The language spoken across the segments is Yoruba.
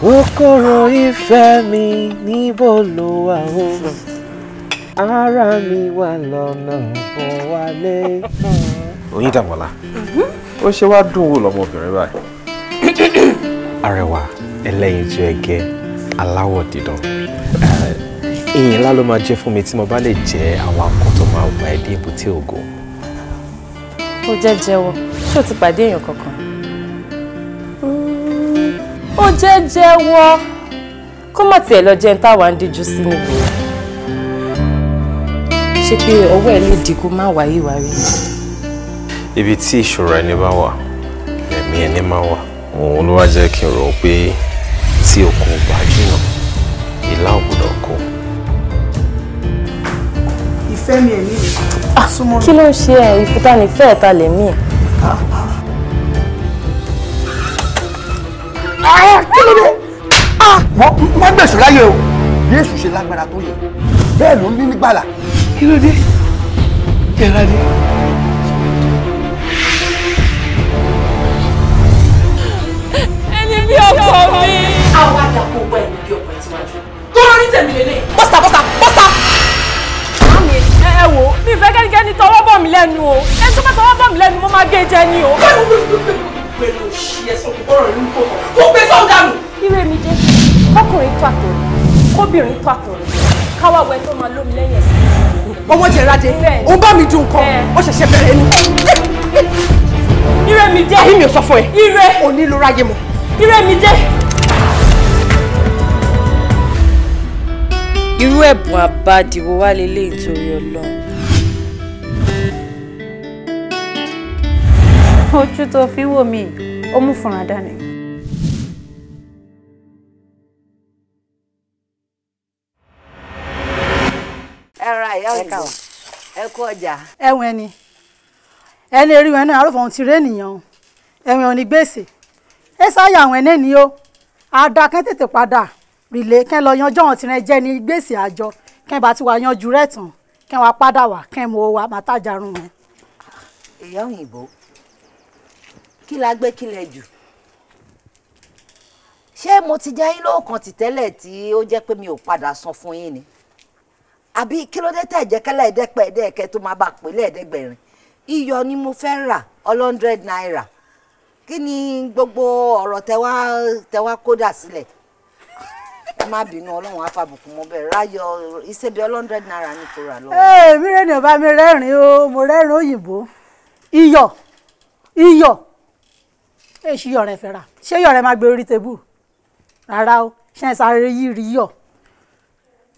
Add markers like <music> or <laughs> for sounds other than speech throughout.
kòkòrò ìfẹ́ mi níbo ló wà o ara mi wà lọ́nà bọ̀ wálé. oyin dàbọ̀lá mm-hmm. ó ṣe wá dùn wò lọ́mọbìnrin báyìí. <clears throat> arẹwà ẹlẹ́yinjú ẹgẹ aláwọ̀ dídán eh, ìyìn ńlá ló máa jẹ́ fún mi tí mo bá lè jẹ́ àwọn akọ tó máa wà ẹ́ dé ibùté ògo. ó jẹ́ jẹ́wọ́ ṣé o ti pàdé èèyàn kankan ó jẹ́ jẹ́wọ́ kó má tiẹ̀ lọ jẹun táwa ń díjú sí níbo ṣé pé ọwọ́ ẹ̀ lòdì kó má wáyé wá rí. ibi tí ìṣòro ẹni bá wà ẹ̀mí ẹni máa wà òun ló wá jẹ́ kí n rò ó pé tí okùn bá jìnnà ìlà ògbọ́dọ̀ kó. ìfẹ́ mi ẹ̀ ní ìlú. Ah, kí ló ń ṣe ẹ̀ ìfúta nífẹ̀ẹ́ ta lèmi. kí ló dé wọ́n gbèsè láyé o bí èṣù ṣe lágbára tó yẹ bẹ́ẹ̀ ló ń ní nígbàlà. kí ló dé yàrá dé. ẹni bí ọkọ mi. àwọn àdàpọ̀ gba ẹni bí ọkọ ẹ ti wájú tó rọ ní lélẹ̀. bọ́sà bọ́sà bọ́sà. ẹ ẹ wo mi fẹ́ kẹ́nikẹ́ni tọwọ́ bọ̀ mí lẹ́nu o ẹni tó bá tọwọ́ bọ̀ mí lẹ́nu mo máa gé jẹ ni o gbẹ ló ṣí ẹsọ gbọrọ bá mi dùn kan ó ṣẹ̀ṣẹ̀ bẹ̀rẹ̀ ẹnu. ire mi dé. àyè mi ò sọ fún ẹ. ire ò ní lóra yé mọ. mi dé. irú ẹ̀bùn àbádìwò wá lélẹ́yìn torí ọlọ́run ojú tó fi ń wò mí ó mú fúnra dání. ẹ ra ìyá ọjà ẹ kú ọjà. ẹwọn ẹni ẹni erí wọn náà àròfọ̀ ohun ti rí ènìyàn o ẹ̀wọ̀n òní gbèsè ẹ sáyà àwọn ẹni ni ó adakẹ́ tètè padà rìlé kẹ́ lọ yanjú àwọn tirẹ̀ jẹ́ ní gbèsè àjọ kẹ́ bá ti wà yanjú rẹ̀ tán kẹ́ wàá padà wá kẹ́ mọ́ wa màtájà rún mi. ìyá òyìnbó kí la gbé kílẹ̀ jù ṣé mo ti jẹ́ yín lówó ti tìtẹ́lẹ̀ tí ó jẹ́ pé mi ò padà san fún yín ni àbí kí ló dé tẹ̀ jẹ́ kẹ́lẹ́ ẹ̀ẹ́dẹ́pẹ́ ẹ̀ẹ́dẹ́kẹ́ tó máa bá pè lẹ́ẹ̀ẹ́dẹ́gbẹ̀rin iyọ̀ ni mo fẹ́ rà ọlọ́ndrẹ́d náírà kí ni gbogbo ọ̀rọ̀ tẹ́wá tẹ́wá kódà sílẹ̀ ẹ má bínú ọlọ́run afábùkún mo bẹ̀rẹ̀ ráyọ ìṣebí ọlọ́ndrẹ́d náírà ní kó rà lọ́wọ́. ee mi rẹ́ni ọba mi rẹ́rìn-ín o mo rẹ́rìn-ín òyìnbó iyọ̀ iyọ̀ èsì yọ̀rẹ̀ fẹ́ rà ṣé yọ̀rẹ̀ máa gbé orí tébù rárá o ṣe ń sáré yí rí yọ̀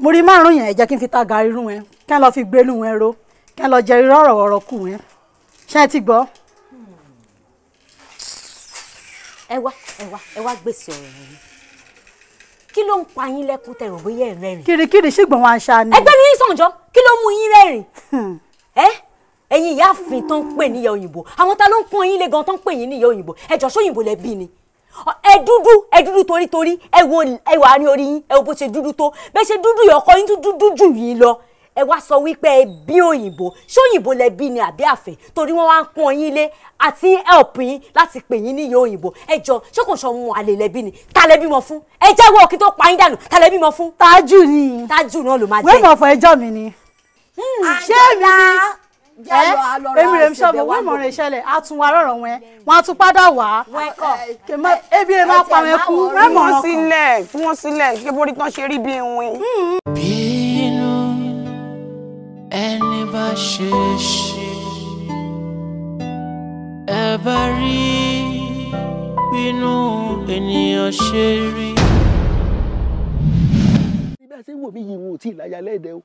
mo rí márùn yẹn jẹ́ kí n fi ta gàrí rú wọn kẹ́ ń lọ fi gbénu wọn ro kẹ́ ń lọ jẹ irọ́ ọ̀rọ̀ ọ̀rọ̀ kù wọn ṣe ti gbọ́. ẹ wá ẹ wá ẹ wá gbèsè ọ̀rọ̀ yìí kí ló ń pa yín lẹ́kún tẹ̀rọ bóyá ẹ̀ rẹ́rìn. kirikiri ṣùgbọ́n wọn aṣa ni. ẹgbẹ́ mi ń sànjọ́ kí ló mú yín rẹ́rìn. Hmm. ẹ ẹ̀yin ìyáàfin tó ń pè níyà òyìnbó àwọn ta ló ń pọ́n yín lé gan tó ń pè yín níyà òyìnbó ẹ̀jọ̀ sóyìnbó lẹ bí ni ẹ dúdú ẹ dúdú torítorí ẹ wo ẹ wà ní orí yín ẹ wo bó ṣe dúdú tó bẹ́ẹ̀ ṣe dúdú yọkọ yín tún dúdú jù yín lọ ẹ wá sọ wípé ẹ bí òyìnbó ṣóyìnbó lẹ bí ni àbí àfẹ torí wọn wá ń pọ́n yín lé àti help yín láti pè yín níyà òyìnbó ẹ jọ ṣókùnṣọ mu àlè lẹbí ni ta lẹ bímọ fún ẹ jẹ́wọ́ kí tó pa yín dànù ta lẹ bímọ fún. tájù ni tájù náà ló máa jẹ wẹ́ẹ̀mọ̀fọ̀ ẹjọ́ mi ni hmm, ṣé mi ni èmi rèé sọ́bù owó ìmọ̀ràn ìṣẹ̀lẹ̀ á tún wa rọ̀rọ̀ wọn wọn á tún padà wá ebi rèé máa pa wọn kú fún wọn sílẹ̀ fún wọn sílẹ̀ ṣé borí tán ṣe rí bí wọn. bínú ẹni bá ṣe ṣe ẹ bá rí bínú ènìyàn ṣe rí. bí bá a ṣe ń wò mí yìí wọn ò tí ì láyà lẹ́ẹ̀dẹ́ o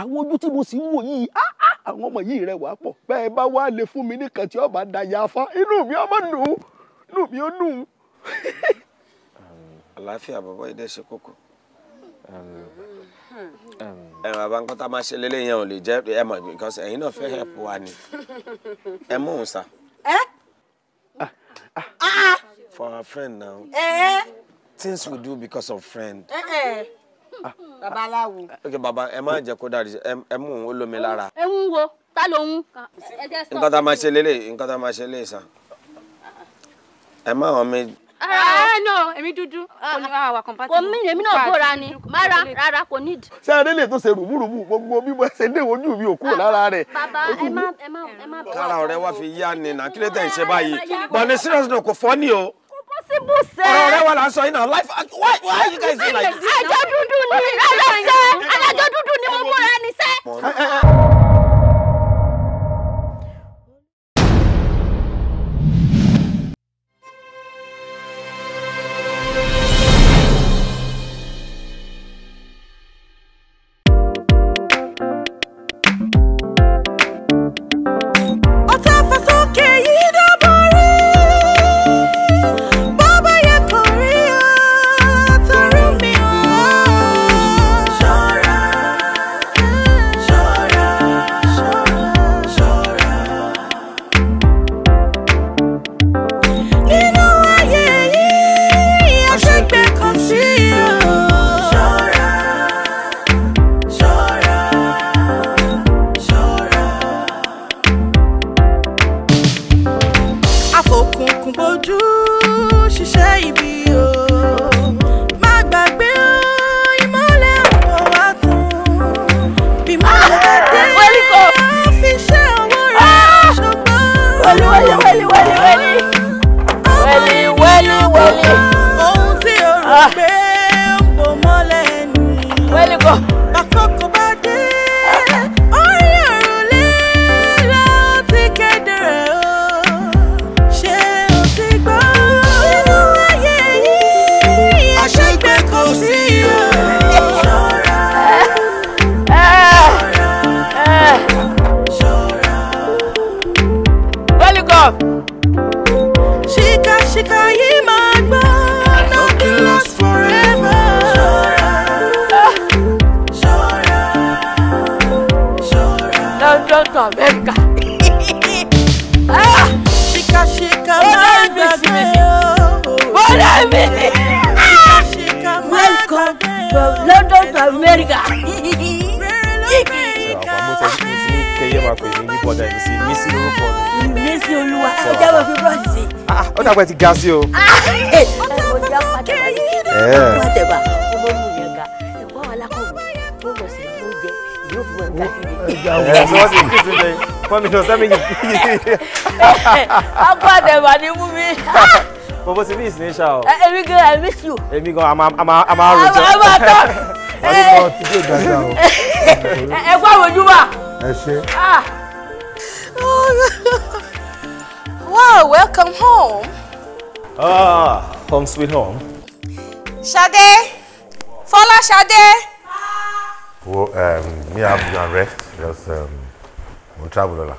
àwọn ojú tí mo sì ń wò yìí ah, ah, àwọn ọmọ yìí rẹwà pọ̀ bẹ́ẹ̀ bá wá lè fún mi nìkan tí ọba dàyà afá inú mi ọmọ nù ú inú mi ó nù ú. àlàáfíà bàbá yìí dẹ̀ ṣe kókó ẹ̀rọ àbá nǹkan tá a máa ṣe lélẹ̀ yẹn ò lè jẹ́ ẹ mọ̀ because ẹ̀yin náà fẹ́ help wa ni ẹ mú òun sá. for our friend now things we do because of friend. Uh -uh. Ah, ah, babaláwo. ok baba ẹ má jẹ kó dàrí ẹ mú òun ó lómi lára. ẹ ń wo ta ló ń. Ah, nǹkan tá a máa ṣe lélẹ̀ nǹkan tá a máa ṣe lélẹ̀ sàn. ẹ má ẹ ni mara rara kò ní ìdí. ṣé adé lè ṣe gbogbo bí mo ṣe ojú mi ò kúrò lára ẹ má ẹ má kára o. possible sir. ọ̀rọ̀ rẹ wà láǹsọ yìí náà life uh, why why you guys doing like this. àjọ dúdú ni aláṣẹ alájọ dúdú ni mo múra ní sẹ́. pẹ́ ti ga sí o. Ah, eh, eh. ọjà eh, <laughs> ni mú mi. <laughs> Bobo ti miss ní ṣá o. Èmi gan I miss you. Èmi gan a máa a máa a máa rojọ́. A máa tọ́. <laughs> Wọ́n ní kọ́ ti dé o. Ẹ gbọ́ àwòjú wa. Ẹ ṣe. Ah. Wow, welcome home. Ah, home sweet home. Ṣadé! Fọlá Ṣadé! Well, um, me, I've been rest because um, I'm traveling.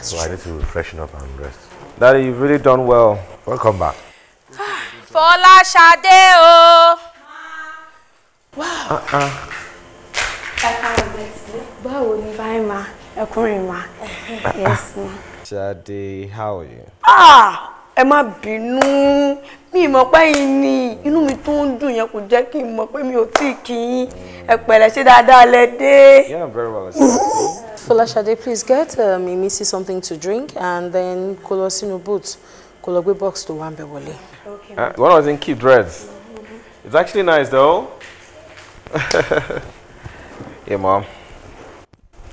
So I need to refreshen up and rest. Daddy, you've really done well. Welcome back. <sighs> Fọlá Ṣadé o! Wow! Uh-uh. Báwo ma. Uh-uh. Yes, ma. Ṣadé, how are you? Ah! má bínú mi mọ̀ pé yín ni inú mi tó ń dùn yẹn kò jẹ́ kí n mọ̀ pé mi ò tí ì kí ẹ pẹ̀lẹ́ ṣe dáadáa lẹ dé. yeah please get um, Mimisi something to drink and then kó lọ sínú boot kó lọ gbé box tó wà ń bẹ wọlé. one of them keep dreads it's actually nice though. <laughs> yeah mom.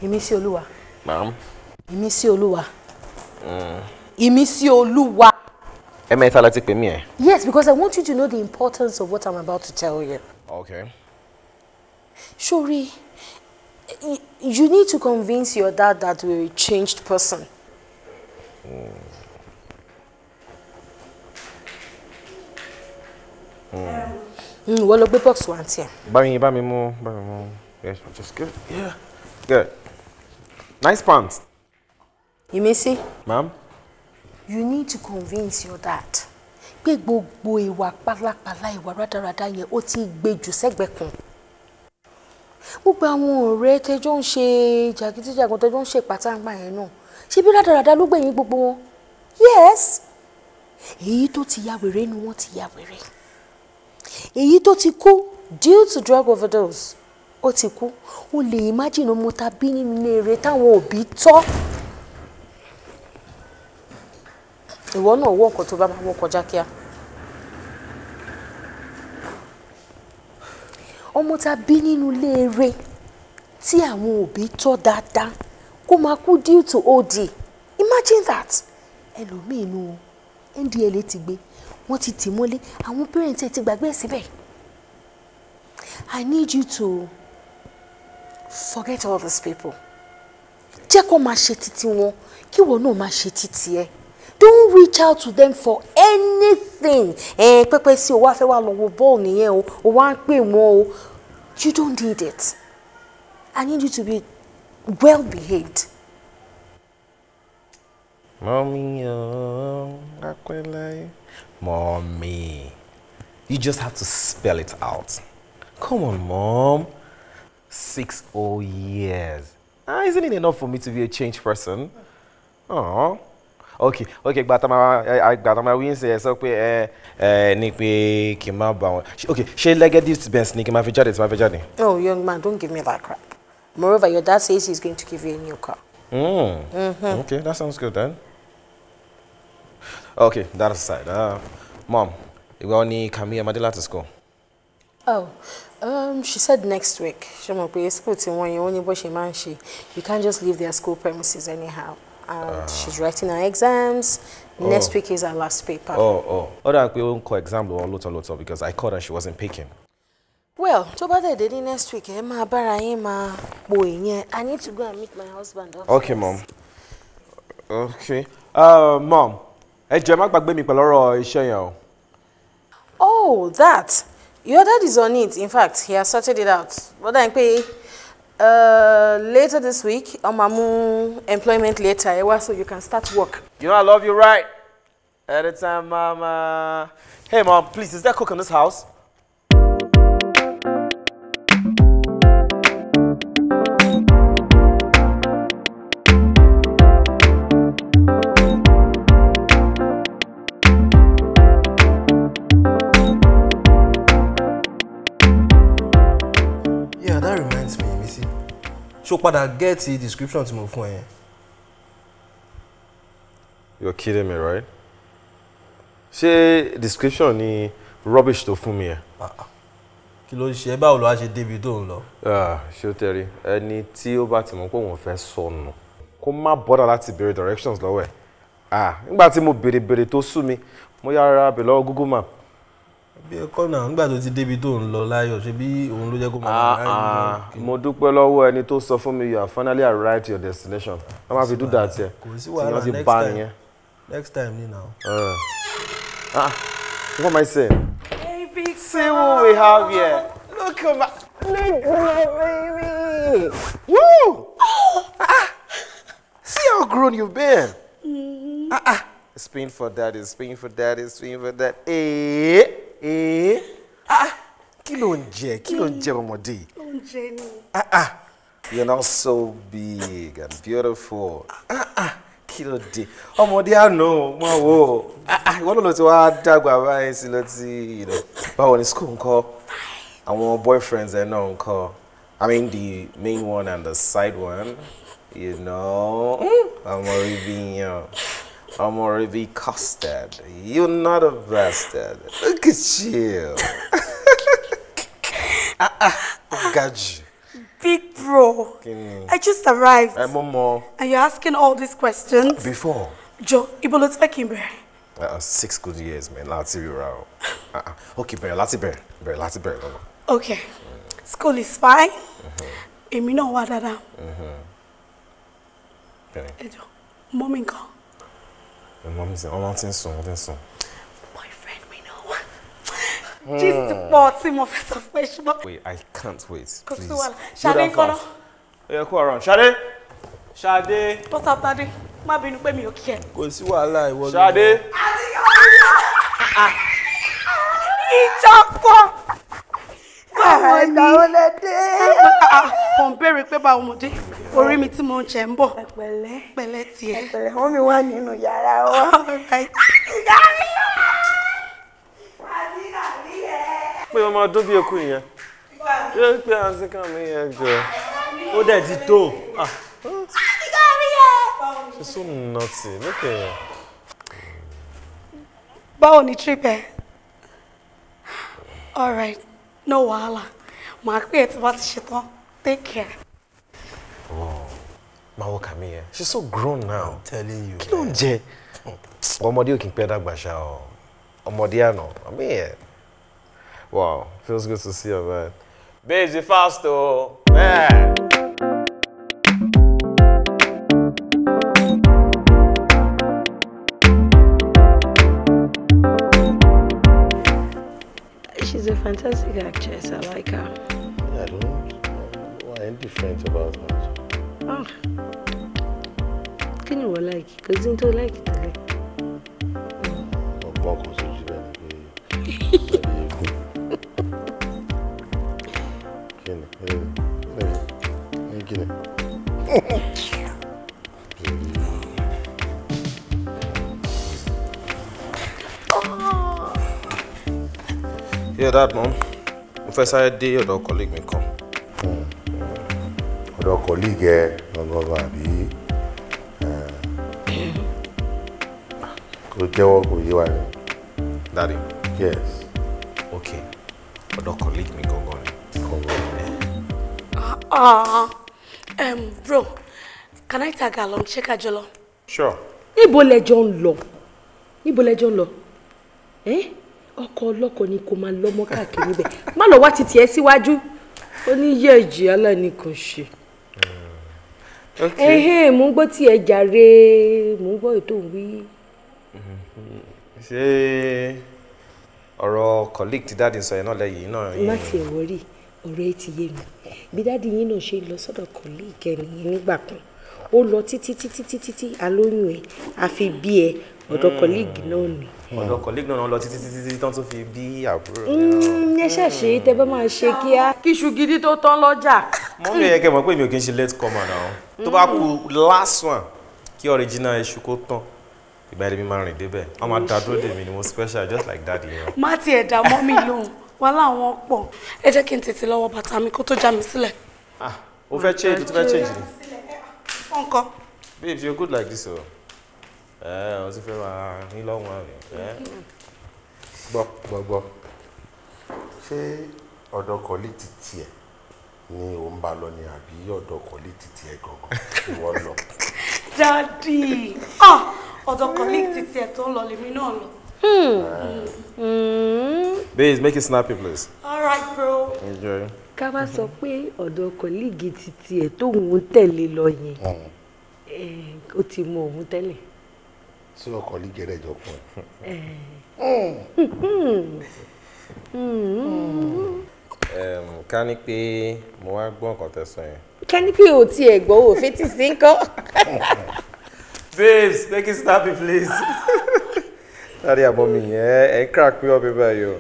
Mimisi Olúwa. ma'am. Mimisi Olúwa. Mm. Ìmísí ẹ̀mẹ́ta láti pè mí ẹ̀. yes because i want you to know the importance of what i'm about to tell you. okay. sori you need to convince your dad that we're a changed person. Mm. Mm. Mm, box wa here. bá mi bá mi mú bá mi mú yes which is good yeah good nice pants. you may see. ma'am you need to convince your dad pé gbogbo ìwà pálapàla ìwà rádaràda yẹn ó ti gbé jù sẹ́gbẹ̀ẹ́ kan gbogbo àwọn ọ̀rẹ́ tẹjọ́ ń ṣe jàgídíjàgan tẹjọ́ ń ṣe pàtàǹgbà yẹn náà ṣe bí rádaràda ló gbẹ̀yìn gbogbo wọn yes èyí tó ti ya wèrè ni wọ́n ti ya wèrè èyí tó ti kú due to drug overdose ó ti kú o lè imagine ọmọ tàbí nínú eré táwọn òbí tọ́ ìwọ náà wọ nǹkan tó bá máa wọ kọjá kíá. ọmọ tá a bí nínú ilé eré tí àwọn òbí tọ́ dáadáa kó máa kú due to OD imagine that ẹlòmíì inú ndla ti gbé wọ́n ti tì mọ́lé àwọn parents ẹ̀ ti gbàgbé síbẹ̀ i need you to forget all those people jẹ́ kó máa ṣe títí wọn kí wọn náà máa ṣe títí ẹ̀. E don't reach out to them for anything ẹ eh, pẹpẹ sí o wá fẹ́ wá lọ wo you don't need it i need you to be well behaved. Mommy, ọ̀ọ́ oh, you just have to spell it out come on mom six years ah isn't it enough for me to be a changed person. Aww. ok ok gbàtàmà gbàtàmà wíńsì ẹ sọ pé ẹ ẹ ní pé kì í má bà wọn ok ṣé legacy benz ni kì í má fi jáde tí má fi jáde. oh young man don't give me that crap moreover your dad says he's going to give you a new car. Mm. Mm -hmm. Mm-hmm. okay that sounds good then. okay that aside uh, mom ìgbà wọn ni Camille amadi láti school. oh um, she said next week ṣe mọ̀ pé school tí wọ́n yẹn wọ́n ní bó ṣe máa ń you can't just leave their school premises anyhow and uh. she's writing her exams. Oh. Next week is her last paper. Oh, oh. Other we won't call ń or exam lọ́wọ́ lọ́tọ̀ lọ́tọ̀ because I called her she wasn't picking. Well, tó bá dẹ̀ dé next week, Emma máa bára yín I need to go and meet my husband. Office. Okay, mom. Okay. Uh, mom, ẹ jẹ́ má gbàgbé mi pẹ̀lú ọ̀rọ̀ Oh, that. Your dad is on it. In fact, he has sorted it out. Ó dà pé. Uh, later this week, Omamu employment later, so you can start work. You know I love you, right? Anytime, Mama. Hey, Mom, please, is there cook in this house? padà gẹ́ẹ̀tì description tí mo fún ẹ yẹn. you're kidding me right? ṣé description ni rubbish tó fún mi yẹn. Ah, ah. kí ló ṣe báwo ló wá ṣe débi tó ń lọ. Ah, ṣé o tẹ̀rí ẹni tí ó bá ti mọ̀ pé òun fẹ́ sọnù kó má bọ́dà láti béèrè directions lọ́wọ́ ẹ̀ nígbà tí mo béèrè béèrè tó sú mi mo yára bẹ̀ lọ́wọ́ Google map bí ẹkọ náà nígbà tó ti débi tó ń lọ láyọ̀ ṣe bí òun ló jẹ́ kó máa ah, rìn. Ah, mo dúpẹ́ lọ́wọ́ ẹni tó sọ fún mi you are finally arrived to your destination wọ́n máa fi dúdà tiẹ̀ tí wọ́n ti bá nìyẹn. next time ni now. Uh. Ah, what am I saying? Baby, see what we have here. Look at my, look at my baby. Woo! Ah, See how grown you've been. Mm. Ah, ah spin for daddy spin for daddy spin for daddy ee eh, ee eh. ah, ah kí ló ń jẹ kí ló ń jẹ mm. ọmọdé. oúnjẹ ni. ah ah you're now so big and beautiful ah ah kí ló dé ọmọdé àná mọ wo ah ah ìwọ ló ti wá dàgbà báyìí sí ló ti báwo ni school ńkọ́ àwọn boyfriends ẹ náà ńkọ́ i mean the main one and the side one you know hmm? ọmọ rí bí yan. I'm already Custard. You're not a bastard. Look at you. ah, ah, I got you. Big bro. I just arrived. I'm Momo. And you're asking all these questions? Before. Joe, Ibolotipe Kimber. Uh, uh, six good years, man. Láti rí ra o. Uh, uh, okay, bẹ̀rẹ̀ láti bear. Bẹ̀rẹ̀ láti bẹ̀rẹ̀ lọ́nà. Okay. Mm. School is fine. Èmi náà wà dáadáa. Mm-hmm. Mm-hmm. Ẹ jọ̀ọ́, mọ́mí nǹkan ọmọ mi sẹ ọmọ ti ń sùn ọmọ ti boyfriend mi náà wá jíjí ti pọ̀ tí wait i can't wait please go that far. ẹ kú around. ṣadé ṣadé. what's up daddy má bínú pé mi ò kí ẹ. kò sí wàhálà ìwọ ah, ṣadé. àti ọ̀rọ̀ ìjọpọ̀. pé báwo mo orí mi tí mo ń jẹ ń bọ̀ pẹ̀lẹ́ pẹ̀lẹ́ tiẹ̀. pẹ̀lẹ́ wọn mi wà nínú yàrá wa. pé ọmọ ọdún bíi eku yẹn yóò pé àǹtí kan mi yẹn jọ ó dẹ̀ ti tó. she's ah. so naughty look at báwo ni trip ẹ all right no wahala màá pè é tí wọ́n ti ṣetán take care. Mawo wọ kàmí she's so grown now I'm telling you kí ló ń jẹ oh. ọmọdé ò kì í pẹ́ dàgbà ṣá o ọmọdé àná àmì yẹn wow feels good to see you man. Baby fast o man. She's a fantastic actress. I like her. Yeah, I don't know why I'm different about her. Can ah. you like? wọ́n láìkì kò sí ní tó láìkì tẹ́lẹ̀. ọgbọ́n kò sójú rẹ̀ ni Don't tele ogbon ko that mom. Professor, fẹ́ sáré dé colleague mi come. ọ̀dọ̀ kọ̀líìgì ẹ gangan àbí kò jẹ́wọ́ kò yes. ok ọ̀dọ̀ mi gangan ni. gangan. um, bro can I tag along Check ká jọ sure. níbo lẹjọ ń lọ níbo lẹjọ ń lọ ọkọ ọlọkọ ni kò máa lọmọ káàkiri bẹ́ẹ̀ má lọ wá títí ẹ síwájú ó ní yẹ ìjìyà láì ṣe ẹhẹn mò ń gbọ́ tí ẹ jàre mò ń gbọ́ ètò wí. Mhm. ṣé ọ̀rọ̀ colleague ti dáàdi sọ yẹn náà lẹ́yìn náà yẹn. má tiẹ̀ wọ́rí ọ̀rọ̀ ẹ ti yé mi bí dáàdi yín náà ṣe lọ sọ́dọ̀ colleague ẹ̀ nìyẹn nígbà kan ó lọ títí títí títí àlóyún ẹ̀ àfi bí ẹ̀ ọ̀dọ̀ colleague náà ni. Hmm. ọ̀dọ̀ colleague náà lọ títí títí títí tán tó fi bí àbúrò. Hmm, ẹ ṣàṣe tẹ bá máa ṣe kíá. kíṣu gidi tó tán lọ́jà. mo ń yẹ kẹ́ mọ̀ pé mi ò kí ń ṣe late comer náà tó bá kú last one kí original iṣu kó tán ìgbà ẹni mi máa rìn débẹ̀ wọ́n máa dá dúró dè ni mo special just like that. má tiẹ̀ dá mọ́ mi lóhùn wọn láwọn pọ̀ ẹ jẹ́ kí n tètè lọ́wọ́ bàtà mi kó tó já mi sílẹ̀. ah o fẹ́ change o fẹ́ change ni. nǹkan. babe you good like this o. Oh. ọ ti fẹ́ máa ní lọ́wọ́ rẹ̀ gbọ́ gbọ́ gbọ́ ṣé ọ̀dọ̀ kọ́lí ti tiẹ̀ ni ò ń bá lọ ni àbí ọ̀dọ̀ kọ́lí ti tiẹ̀ gangan ìwọ lọ. <laughs> dadi ah, ọ̀dọ̀ kọ́lí ti tiẹ̀ tó ń lọ lèmi náà lọ. Hmm. Hmm. Babes, make it snappy, please. All right, bro. Enjoy. Ká wá sọ pé ọ̀dọ̀ kọ́líìgì ti tiẹ̀ tóun tẹ̀lé lọ yẹn. Hmm. Eh, ó ti mú òun tẹ́lẹ̀. tí ọkọ lè gẹrẹ jọ fún ẹ. ká ní pé mo wá gbọ́ nǹkan tẹ́ sọ yẹn. ká ní pé o tiẹ̀ gbọ́ o fetí sí nǹkan. babes make it stop it please. sáré àbọ̀ mi yẹn ẹ̀ ń crack pé ọbẹ̀ báyìí o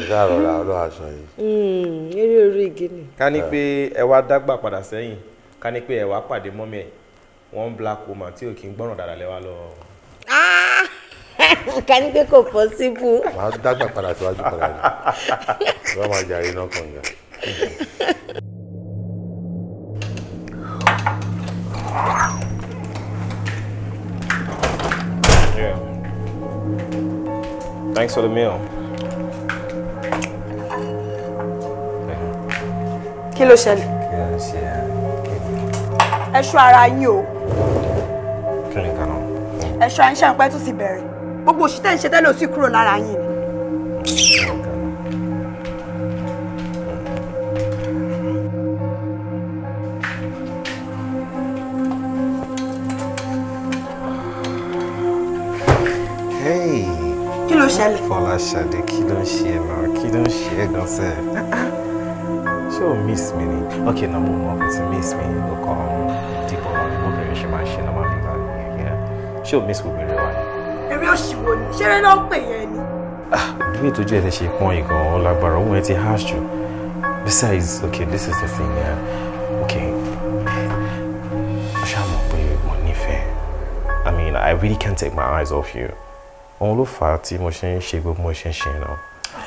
ìyá àrọ̀lá ọlọ́ aṣọ yìí. Hmm, eré orí igi ni. ká ní pé ẹ wá dágbà padà sẹ́yìn ká ní pé ẹ wá pàdé mọ́mí ẹ̀ wọ́n ń black woman tí ò kí ń gbọ́ràn dáadáa lẹ́wà lọ ká ní pé kò pọ́síbù. màá dágbà padà síwájú padà ní wọ́n máa jàre náà kàn yà. Thanks for the meal. Kí ló ṣẹlẹ̀? Kí ló ṣẹlẹ̀? Ẹ ṣọ́ ara yín o. Kí ni kan náà? Ẹ ṣọ́ ara yín ṣàǹpẹ́ tún ti bẹ̀rẹ̀ gbogbo òṣìṣẹ́ ń ṣe tẹ́lẹ̀ ò sì kúrò lára yín ni. ṣẹlẹ̀. Fọláṣadé kí ló ń ṣe ẹ náà kí ló ń ṣe ẹ gan sẹ́ ṣé o miss me. ni ok na mo mọ ọkùnrin ti miss me. ó kàn án ọmọ mi mo bẹ̀rẹ̀ ṣe máa ṣe náà máa bí báyìí ṣé o miss gbogbo eré òṣìwò ni ṣeré náà ń pè yẹn ni. Ah, bí ìtọ́jú ẹ̀ ṣe pọ́n ìgàn ọ̀làgbàrà òun ẹ̀ ti harsh jù besides okay this is the thing yeah. okay ṣá mọ̀ pé mo nífẹ̀ẹ́ i mean i really can't take my eyes off you òun ló fà á tí mo ṣe ń ṣe gbogbo mo ṣe ń ṣe náà.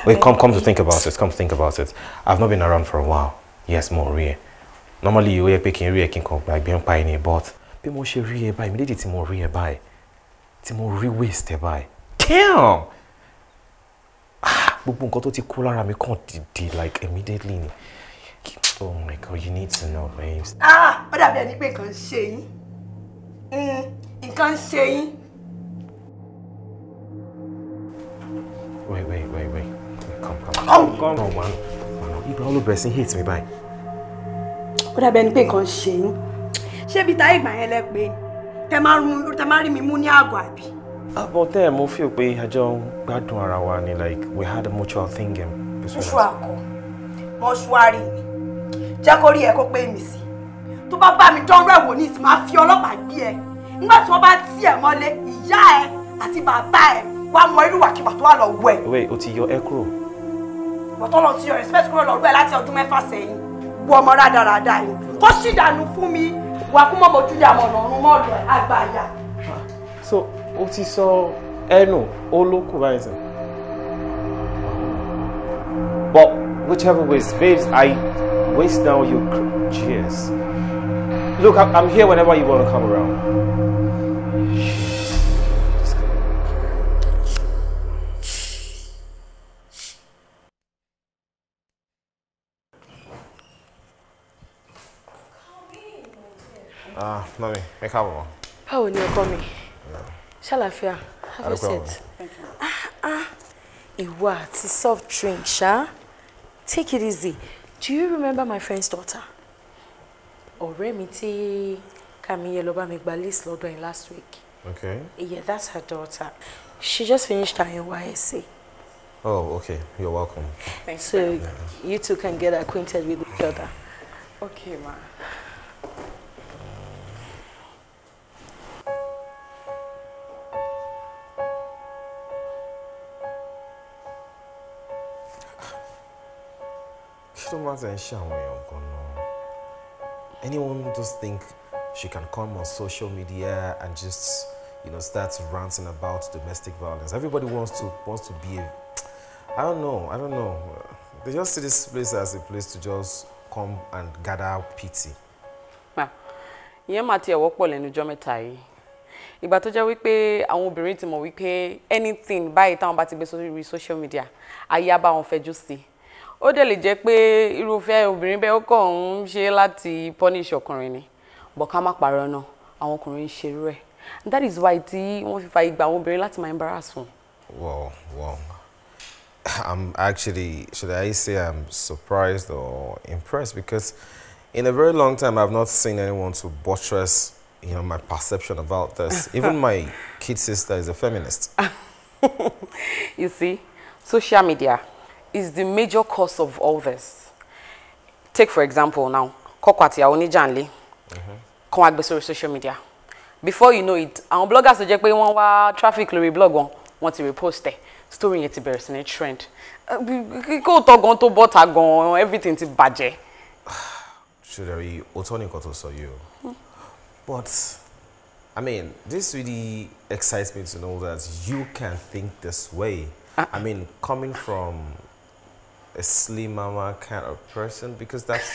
Wait, come, come to think about it. Come to think about it. I've not been around for a while. Yes, mo rí ẹ. Normally, ó yẹ pé kí n rí ẹ kí n kàn gbàgbé ń pa ẹni, but bí mo ṣe rí ẹ báyìí, mi léde tí mo rí ẹ báyìí tí mo rí waste ẹ̀ báyìí damn ah, gbogbo nǹkan tó ti kó lára mi kàn dìde like immediately ni oh my god you need to know babes. ah ó dàbí ẹni pé nǹkan ń ṣe yín hmm, nǹkan ń ṣe yín. wait wait wait wait come come come come no one one ìgbà wo ló bẹ̀rẹ̀ sí hate mi báyìí. ó dàbí ẹni pé nǹkan ń ṣe yín ṣé bíi táyé ìgbà yẹn lẹ pé tẹ máa rún feel we had mi mú ní àgọ́ àbí. like we had a mutual thing. oṣù àkọ́ mọ́ṣúárì mi jẹ́ kó rí ẹ kó pé mi sí tó bá bá mi dánwó ẹ̀wò ní ìsìn máa fi ọlọ́pàá gbé ẹ nígbà tí wọ́n bá tì are mọ́lé ìyá ẹ àti bàbá ẹ wàá mọ irú wàkíwà tó wà lọ wọ ẹ. wẹ́ẹ̀ o ti yọ ẹ kúrò. bọ́tọ́ lọ ti yọ respect kúrò lọ́rùú ẹ láti ọdún mẹ́fà sẹ́yìn bu ọmọ rádaràda yìí kó ṣì dànù wà kú mọ́ mojú dà mọ̀ ọ̀run mọ́ lọ àgbàyà. so o ti sọ ẹnu ó ló báyìí sẹ. but whichever way babes i waste now your cheers look I, i'm here whenever you wanna come around. Ah, mommy, ẹ káàbọ̀. Báwo ni Shall I fear? have ah, seat. Ah, ìwà a soft drink Sha. Take it easy. Do you remember my friend's daughter? Or mi Camille Kamiye lọ bá last week. Okay. Yeah, that's her daughter. She just finished her NYSC. Oh, okay. You're welcome. Thanks. So you two can get acquainted with each other. Okay, ma. customers anyone just think she can come on social media and just you know start ranting about domestic violence everybody wants to wants to be a I don't know I don't know they just see this place as a place to just come and gather pity. ìyẹn máa matty wọ́pọ̀ lẹ́nu well mẹ́ta yìí ìgbà tó jẹ́ wípé àwọn obìnrin ti mọ̀ wípé anything báyìí táwọn bá ti gbé sórí social media ayé á on wọn fẹjú ó dẹ̀ lè jẹ́ pé irúfẹ́ obìnrin bẹ́ẹ̀ ó kàn ń ṣe láti punish ọkùnrin ni bọ̀ ká má parọ́ náà àwọn ọkùnrin ń ṣerú ẹ̀ that is why tí wọ́n fi fa ìgbà àwọn obìnrin láti máa embarrass wọn. wow wow i'm actually should i say i'm surprised or impressed because in a very long time i've not seen anyone to buttress you know my perception about this <laughs> even my kid sister is a feminist. <laughs> you see social media is the major cause of all this. Take for example now, Kokwati Awonijanle, mm-hmm. kan wá gbé sórí social media. Before you know it, our bloggers tó jẹ́ pé wa traffic lórí blog wọn, wọ́n ti repost ẹ̀. Story yẹn ti bẹ̀rẹ̀ sí ní trend. Kó tọ́ gan tó bọ́ta gan, everything ti bàjẹ́. Ṣèlérí, òótọ́ ni nǹkan tó sọ yìí o. But I mean, this really excites me to know that you can think this way. Uh-uh. I mean, coming from a slim mama kind of person because that's.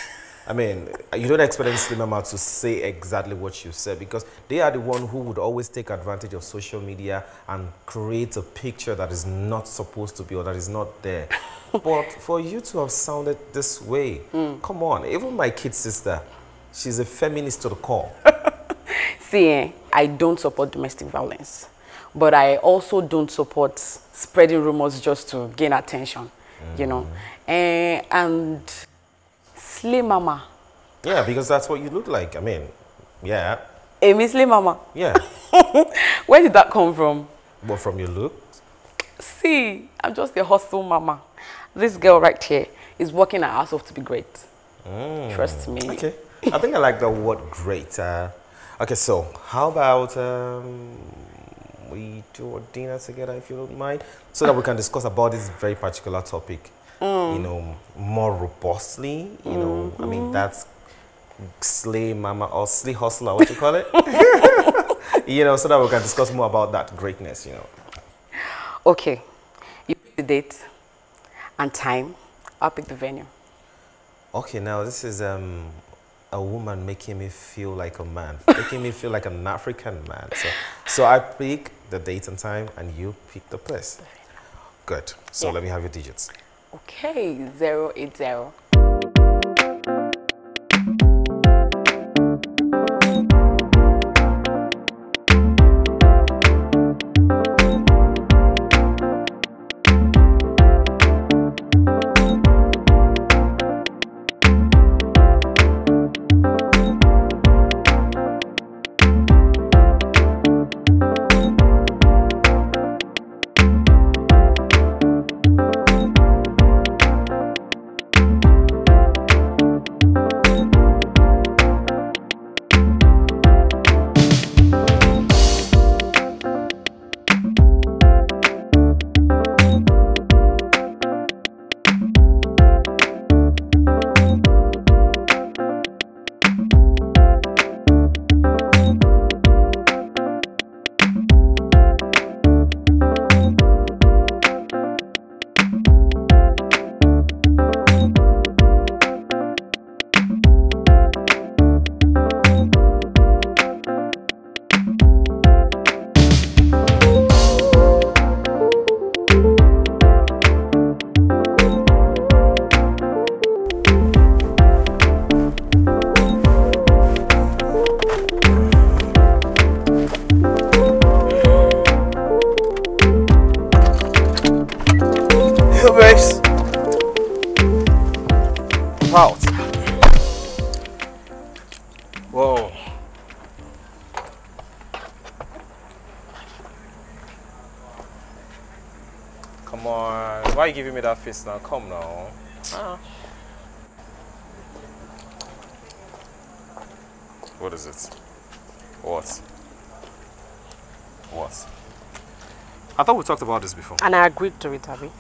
I mean, you don't expect any slim mama to say exactly what you said because they are the one who would always take advantage of social media and create a picture that is not supposed to be or that is not there. <laughs> but for you to have sounded this way, mm. come on, even my kid sister, she's a feminist to the core. <laughs> See, eh, I don't support domestic violence, but I also don't support spreading rumors just to gain attention you know. Uh, and slim mama. Yeah, because that's what you look like. I mean, yeah. A slim mama. Yeah. <laughs> Where did that come from? What, from your look? See, I'm just a hustle mama. This girl right here is working her ass off to be great. Mm. Trust me. Okay. I think I like the word great. Uh, okay, so how about... Um, we do a dinner together if you don't mind, so that we can discuss about this very particular topic, mm. you know, more robustly. You know, mm -hmm. I mean mm-hmm. that's slay mama or slay hustler, what you call it. <laughs> you know, so that we can discuss more about that greatness. You know. Okay, you pick the date and time. I'll pick the venue. Okay, now this is um, a woman making me feel like a man, <laughs> making me feel like an African man. So, so I pick the date and time, and you pick the place. Good. So yeah. let me have your digits. Okay, zero eight zero. that face now. Come now. Ah. What is it? What? What? I thought we talked about this before. And I agreed to it, Abby.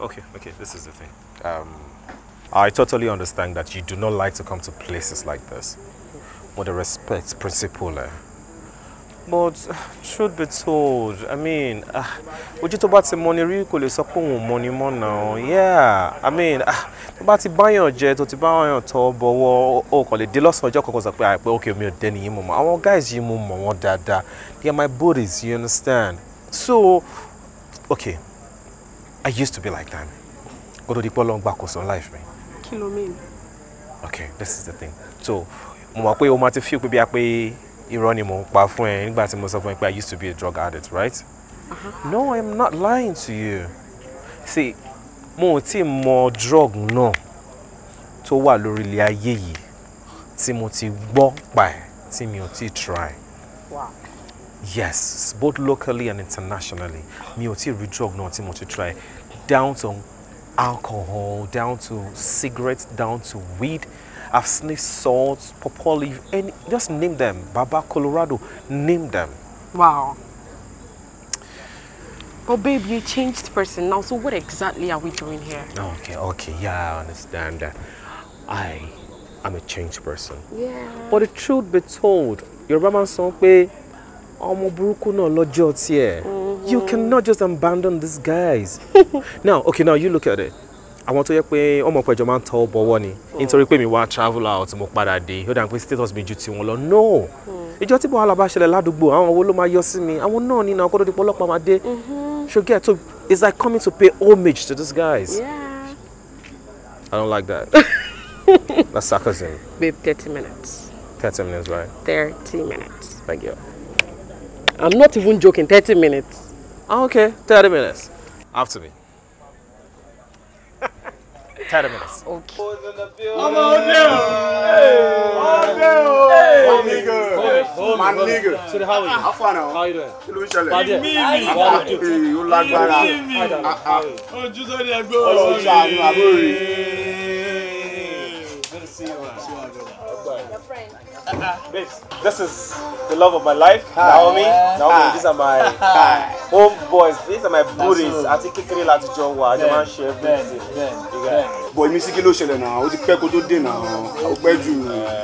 Okay, okay, this is the thing. Um, I totally understand that you do not like to come to places like this. With the respect principle, eh? but truth be told i mean ah, ojú tó bá ti mọni rí kò lè sọ pé òun mọni mọ́ náà yeah i mean ah, tó bá ti báyàn jẹ tó ti báyàn tọ́ bọ̀wọ́ o kàn lè dé lọ́sàn-án ọjọ́ kankan sọ pé àìpẹ́ ah, òkè mi ò dẹ́ni yìí mo àwọn guys yìí mo mọ̀ wọ́n dáadáa they are my buddies you understand so okay i used to be like that kó tó di pé ọlọ́run gbàkóso life mi. kí ló mean. okay this is the thing so mo mọ̀ pé o máa ti feel pé bí a pé irọ́ ni mò ń pa fún ẹ nígbà tí mo sọ fún ẹ pé I used to be a drug addict right uh-huh. no I'm not lying to you see mo ò tí mọ drug náà tó wà lórí ilé ayé yìí tí mo ti gbọ́ pa ẹ̀ tí mi ò tí try wow. yes both locally and internationally mi ò tí rí drug náà tí mo ti try down to alcohol down to cigarette down to weed. I've sniffed swords, pawpaw leaf, any, just name them. Baba Colorado, name them. Wow. But babe, you changed person now, so what exactly are we doing here? Okay, okay, yeah, I understand that. I am a changed person. Yeah. But the truth be told, your mama ń sọ pé burúkú náà lọ́jọ́ mm-hmm. You cannot just abandon these guys. <laughs> now, okay, now you look at it. àwọn tó yẹ pé ọmọ pẹjọ máa ń tọ bọ̀wọ̀ ni hmm. nítorí pé mi wá travel out mo padà dé ó dà pé status mi ju tiwọn lọ no hmm. ìjọ tí wàhálà bá ṣẹlẹ̀ ládùúgbò àwọn owó ló máa yọ sí mi àwọn náà ní náà kó tó di pọlọpàá máa dé ṣoge ẹ̀ tó it's like coming to pay homage to these guys yeah. I don't like that <laughs> that's sarcasm. babe thirty minutes. thirty minutes right. thirty minutes. thank you. I'm not even joking thirty minutes. Oh, okay thirty minutes after me. Ten Okay. I'm on them. Hey. On them. Hey. My nigga. My nigga. So how are you? How far now? How you doing? Kilo Shale. How are you? How are you? Hey, you like that? Ah ah. Oh, just on the go. Oh, you Good to see you. Your friend. Babes, this is the love of my life, Naomi. Naomi, these are my. homeboys these are my buddies àti kékeré láti jọ wà àjọ máa ń ṣe everything. bọ̀ èmi sí kí ló ṣẹlẹ̀ náà ó ti pẹ́ kó tó dé náà ó pẹ́ jù.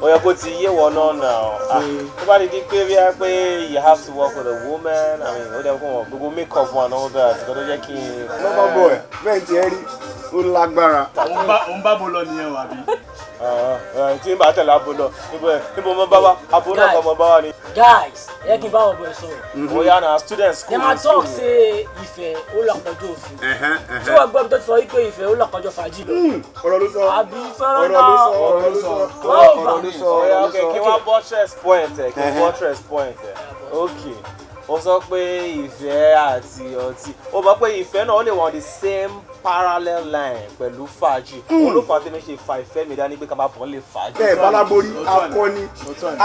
ó yẹ kó ti yé wọ náà náà ah, tó bá di di pé bí a pé you have to work with a woman I mean ó dẹ̀ kó wọn gbogbo make up one and all that kó tó jẹ́ kí n. lọ́mọ bọ̀ ẹ̀ bẹ́ẹ̀ ti ẹ rí ó lágbára. òun bá bo lọ nìyẹn wà bí. Eh, eh, tí n bá tẹ̀lé abo lọ níbo mo bá wa abo náà kọ́ mo bá wa ni. guys ẹ kí n bá wọn bọ sọ̀rọ̀. Mm-hmm. oya na students school. ẹ máa tọ́ọ̀ ṣe ìfẹ́ ó lọ́kọjọ́ òfin. tí wọ́n gbọ́ mi tó ti sọ wípé ìfẹ́ ó lọ́kọjọ́ fàájì lọ. Hmm, ọ̀rọ̀ ló sọ àbí fẹ́ràn náà ọ̀rọ̀ ló sọ ọ̀rọ̀ ló sọ ọ̀rọ̀ ló sọ. kí wọ́n buttress point ẹ̀ kí wọ́n buttress point ẹ̀ okay ó sọ pé ìfẹ́ àti ọtí ó bá pé ìfẹ́ náà ó lè wọ́n the same parallel line pẹ̀lú fàájì olófà hmm. tẹ́lẹ̀ ṣe fa ìfẹ́ mi dání pé ká máa lè fàájì. bẹ́ẹ̀ balabori akọni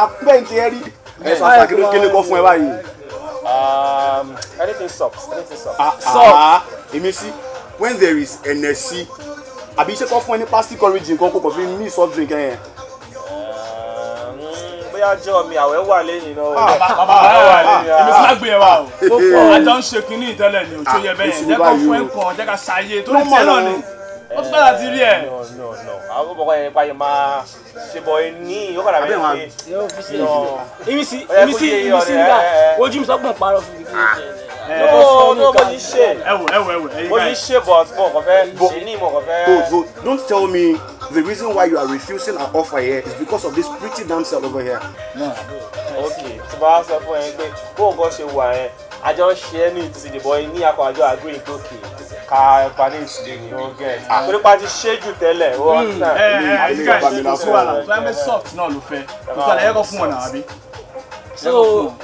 apẹǹtì ẹrí ẹsàn àtàkìlẹ kele kọ fún ẹ báyìí. Um, anything sucks anything sucks. Ah, sọ ah, ah. èmi sí when there is ẹnẹsí àbí iṣẹ́ kan fún ẹ ní plastic origin kan kò kàn fi mí soft drink ẹ̀ yẹn. Um, bóyá jọ mi àwẹ̀ wà lẹ́yìn náà. Ah, bàbá àwẹ̀ wà ah, lẹ́yìn náà. èmi sì máa ah. gbé ẹ wá o. ó fọ ń ṣe kínní ìtẹ́lẹ̀ ni òjò yẹ bẹ́yẹn jẹ́ kó fún ẹ̀ kàn jẹ́ ṣàyè tó tiẹ̀ náà ni ó tún gbàdá ti rí ẹ. àwọn bọ̀kọ̀ yẹn pa yẹn máa ṣe bọ̀ ní ìyókàdà bẹ́ẹ̀ ni. ìmísí ìmísí nígbà ojú mi sọ́gbọ̀n parọ́ fún mi ẹ wò ẹ wò ẹ wò. ó don't tell me The reason why you are refusing our offer here is because of this pretty damsel over here. Yeah. Okay, tí bá sọ fún ẹ pé bó nǹkan ṣe wà ẹ àjọ ṣe é ní ìtìdì bọ́ ní àkọ́ àjọ agree gòkè ká parí ìtìdì ní oge. àpèrípa ah, ti ṣe jù tẹ́lẹ̀ ó hmm. eh, eh, ọ̀tún náà. ẹ ẹ àyíká ìṣèjì sí wàhálà climate soft náà ló fẹ́ kó sọ àlẹ́ ẹ̀kọ́ fún ọ̀nà àbí. so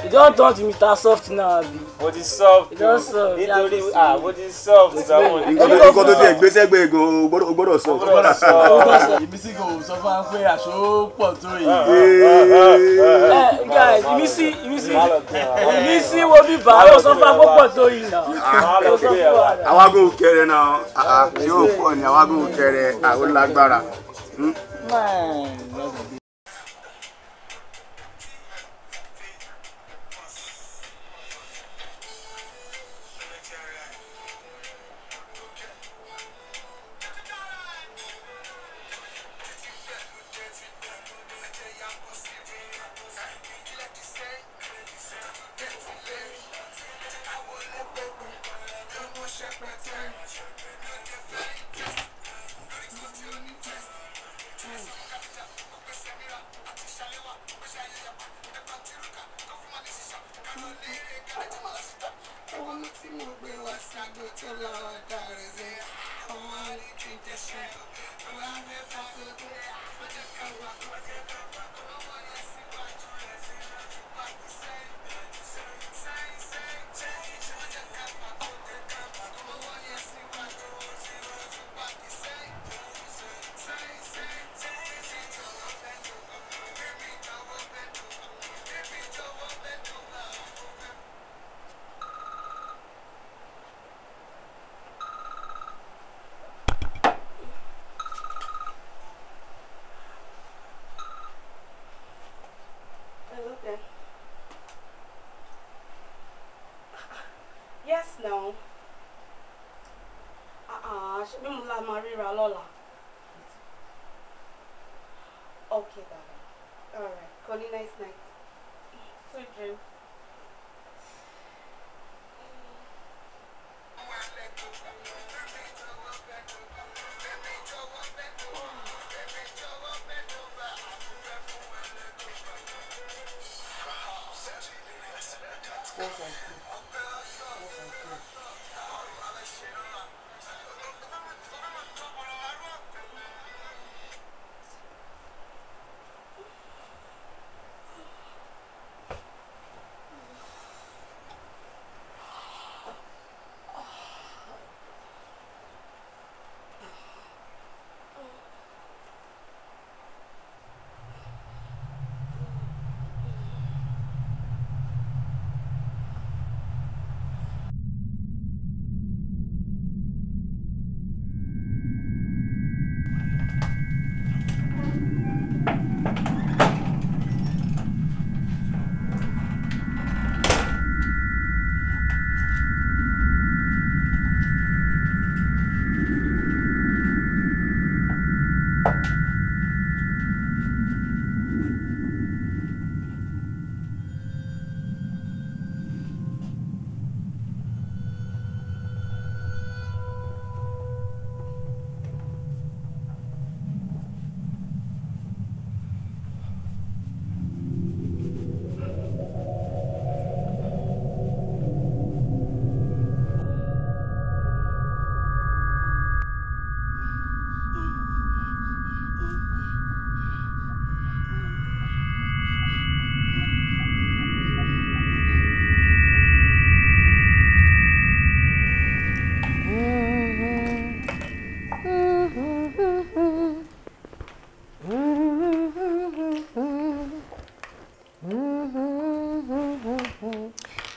you don turn to Mr. Soft now abi mo ti soft o nítorí ah mo ti soft sáwọn ní. nǹkan tó ti ẹgbẹ́sẹ̀ gbé ego o gbọ́dọ̀ sọ. o gbọ́dọ̀ sọ. ìmísí kò sọ fún wa pé àṣọ pọ̀ tó yìí. ẹ ah, ah, ah, eh, eh, guys ìmísí ìmísí ìmísí wo bí bá yóò sọ fún wa pé pọ̀ tó yìí nà. àwọn ago kẹrẹ náà yóò fọ ni àwọn ago kẹrẹ àwọn lágbára. Hmm?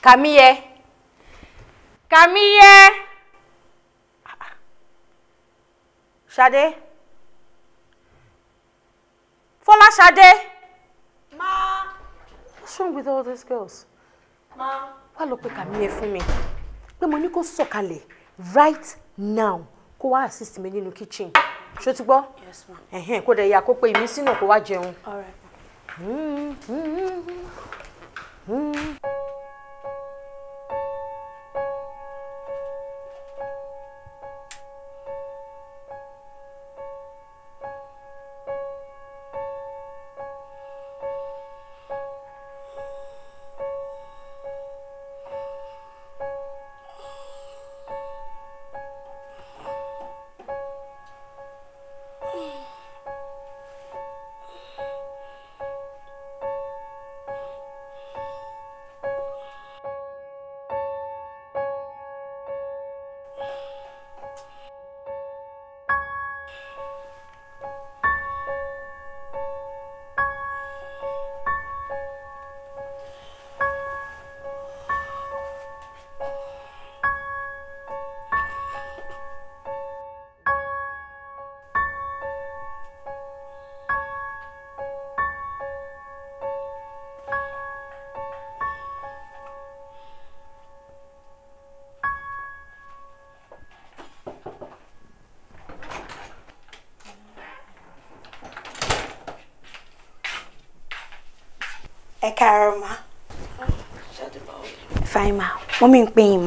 kàmíyẹ kàmíyẹ Fola fọláṣadé. ma. what's wrong with all these girls. ma. wá lọ pé kàmíyẹ fún mi pé mo ní kó sọ̀kalẹ̀ right now kó wá assist mi nínú kitchen ṣó ti gbọ́. yes ma. ẹ̀hẹ́n kó dẹ̀ yà kó pe ìmísí náà kó wá jẹun. all right. Mm-hmm. Mm-hmm. o meu pín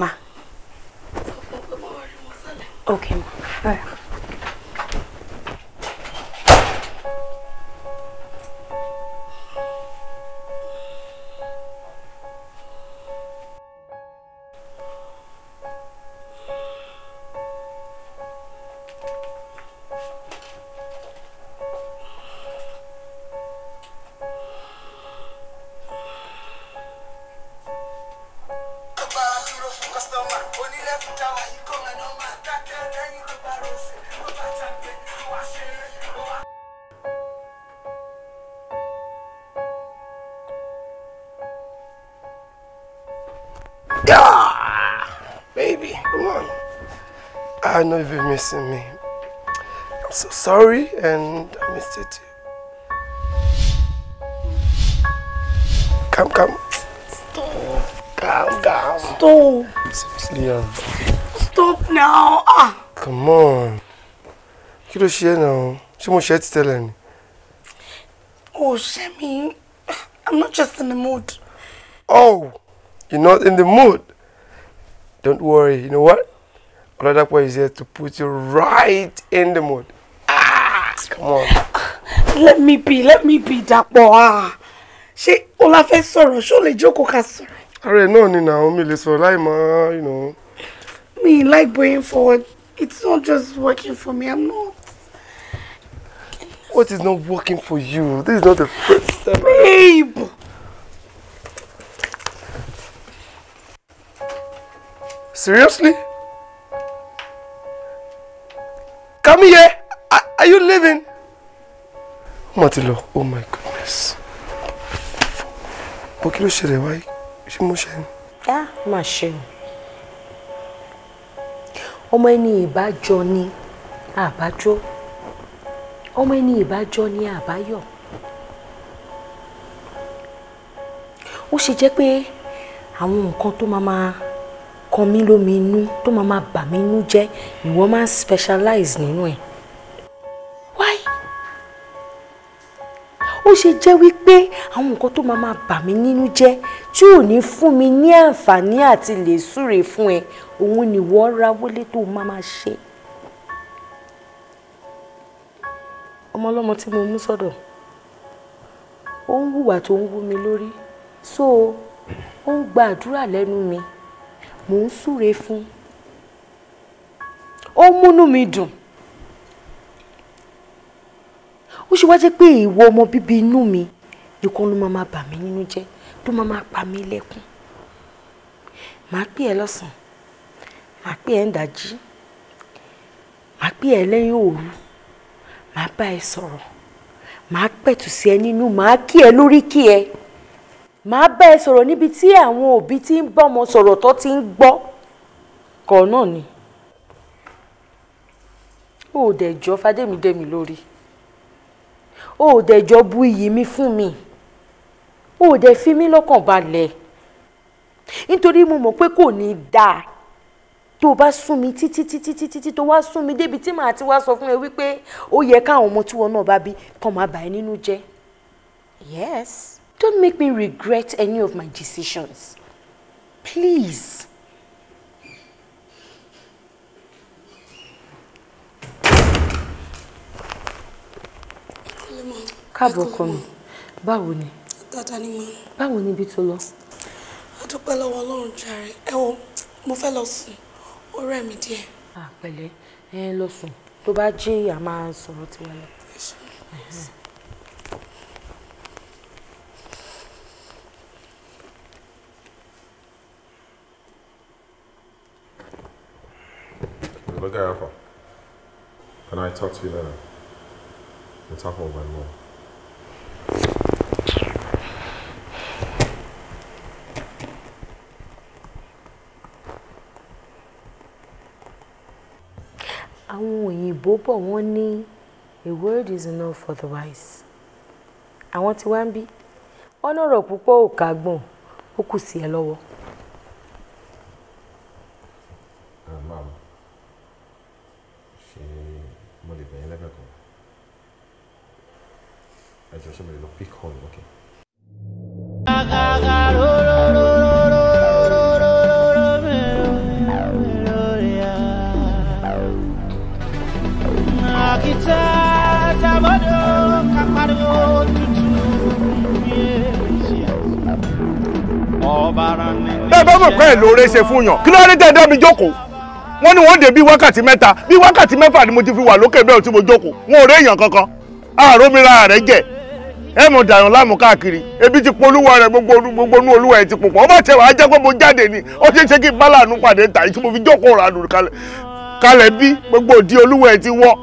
I know you've been missing me. I'm so sorry and I missed it too. Come, come. Stop. Calm down. Stop. Seriously, Stop now. Ah. Come on. don't share now? Ṣé mo share to tell ni? Oh, Shemi. I'm not just in the mood. Oh, you're not in the mood? Don't worry. You know what? Another boy is here to put you right in the mood. Ah, come on. Let me be, let me be, Dàpọ̀. Ah. She o la fẹ́ sọ̀rọ̀, ṣé o lè jókòó ká sọ̀rọ̀. Ààrẹ náà ni náà, mi you know. Me like going forward. It's not just working for me. I'm not. What is not working for you? This is not the first time. Babe! Seriously? Kamiye, are, are you leaving? Matilo, oh my goodness. Bó kí why? She wáyé? Yeah, machine. ṣe ni? Á mà ṣe o. Ọmọ ẹni ìbájọ ni àbájọ. Ọmọ ẹni ìbájọ ni àbáyọ. Ó ṣe jẹ́ pé àwọn nǹkan tó máa máa kan mí lómi inú tó máa máa bà mí inú jẹ́ ìwọ máa ń specialize nínú ẹ̀. why ó ṣe jẹ́ wípé àwọn nǹkan tó máa máa bà mí nínú jẹ́ tí ò ní fún mi ní àǹfààní àti lè súre fún ẹ òun nìwọ rawọ́lé tó máa máa ṣe. ọmọ ọlọ́mọ tí mo mú sọ́dọ̀ ó ń hùwà tó ń wú mi lórí so ó ń gba àdúrà lẹ́nu mi mò ń súre fún ó múnú mi dùn ó ṣe wá jẹ́ pé ìwọ ọmọ bíbí inú mi nìkan ló máa bà mí nínú jẹ́ tó máa pa mí lẹ́kún màá pè ẹ́ lọ́sàn-án màá pè ẹ́ ń dájí màá pè ẹ́ lẹ́yìn òru màá bá ẹ sọ̀rọ̀ màá pẹ̀tù sí ẹ nínú màá kí ẹ lórí kí ẹ màá bá ẹ sọ̀rọ̀ níbi tí àwọn òbí ti ń bọ́mọ sọ̀rọ̀ tó ti ń gbọ́ kọ̀ náà ni ó dẹ̀ jọ fàdémidémi lórí ó dẹ̀ jọ bu iyì mi fún mi ó dẹ̀ fi mí lọ́kàn balẹ̀ nítorí mo mọ̀ pé kò ní dáa tó o bá sún mi títí títí títí tí tó wá sún mi débi tí màá ti wá sọ fún ẹ wípé ó yẹ káwọn ọmọ tí wọn náà bá bí kàn máa bà ẹ́ nínú jẹ́ yes. Don't make me regret any of my decisions. Please. Kabo ọkọ mi, báwo ni? Dada ni mo. Báwo ni ibi tó lọ? A dúpẹ́ lọ́wọ́ Ọlọ́run jàre. Ẹ wo, mo fẹ́ lọ sùn, ó rẹ̀ díẹ̀. Àpẹ̀lẹ́, ẹ lọ sùn. Tó bá jí, a máa sọ̀rọ̀ tiwa lọ. Ẹ ṣe. look her Alpha. Can I talk to you later? We'll talk over my mom. àwọn òyìnbó bọ̀ wọ́n a word is enough for the wise I want to ń bí ọ̀nà ọ̀rọ̀ púpọ̀ ò kágbọ̀n ó kù sí ẹ ẹjọ ṣé mo lè lọ pick call okay. akita tabodo kakpariwo tutu ẹ bá mọ̀ lóore ṣe fún yàn kí ló rí tẹ́tẹ́ mi jókòó wọ́n ní wọ́n dé bíi wákàtí mẹ́ta bíi wákàtí mẹ́fà ni mo ti fi wà lókè bẹ́ẹ̀ tí mo jókòó wọn ò rí èèyàn kankan àròmíra rẹ̀ jẹ́ ẹ mọ̀ dàyàn láàmú káàkiri ebi ti poluwa re gbogbo gbogbo inú olúwa ẹ ti pò o ma tẹ wàá jẹ́ pé mo ni o ṣeé ṣe kí n bá láàánú pàdé mo fi jókòó rà lù kalẹ̀ kalẹ̀ bí gbogbo di oluwa ẹ ti wọ́.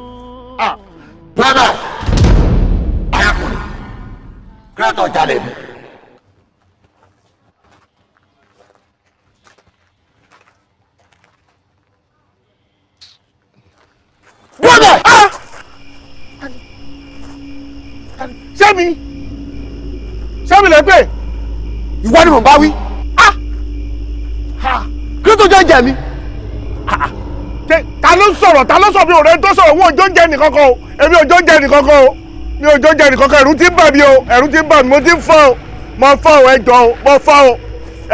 bàbá arákùnrin kírẹ́tọ̀ jalè mi. bàbá. sẹ́mi sẹ́mi lẹ́gbẹ̀ẹ́ ìwọ ni mò ń bá wí kí ló tó jẹ́ jẹ́ mi ta ló sọ̀rọ̀ ta ló sọ̀rọ̀ mi ò rẹ́ tó sọ̀rọ̀ wọn ò jọ ń jẹ́ nìkan kan o èmi ò jọ ń jẹ́ nìkan kan o mi ò jọ ń jẹ́ nìkan kan ẹ̀rù ti ń bà mí o ẹ̀rù ti ń bà mí mo ti ń fọ́ o mo fọ́ o ẹjọ́ o mo fọ́ o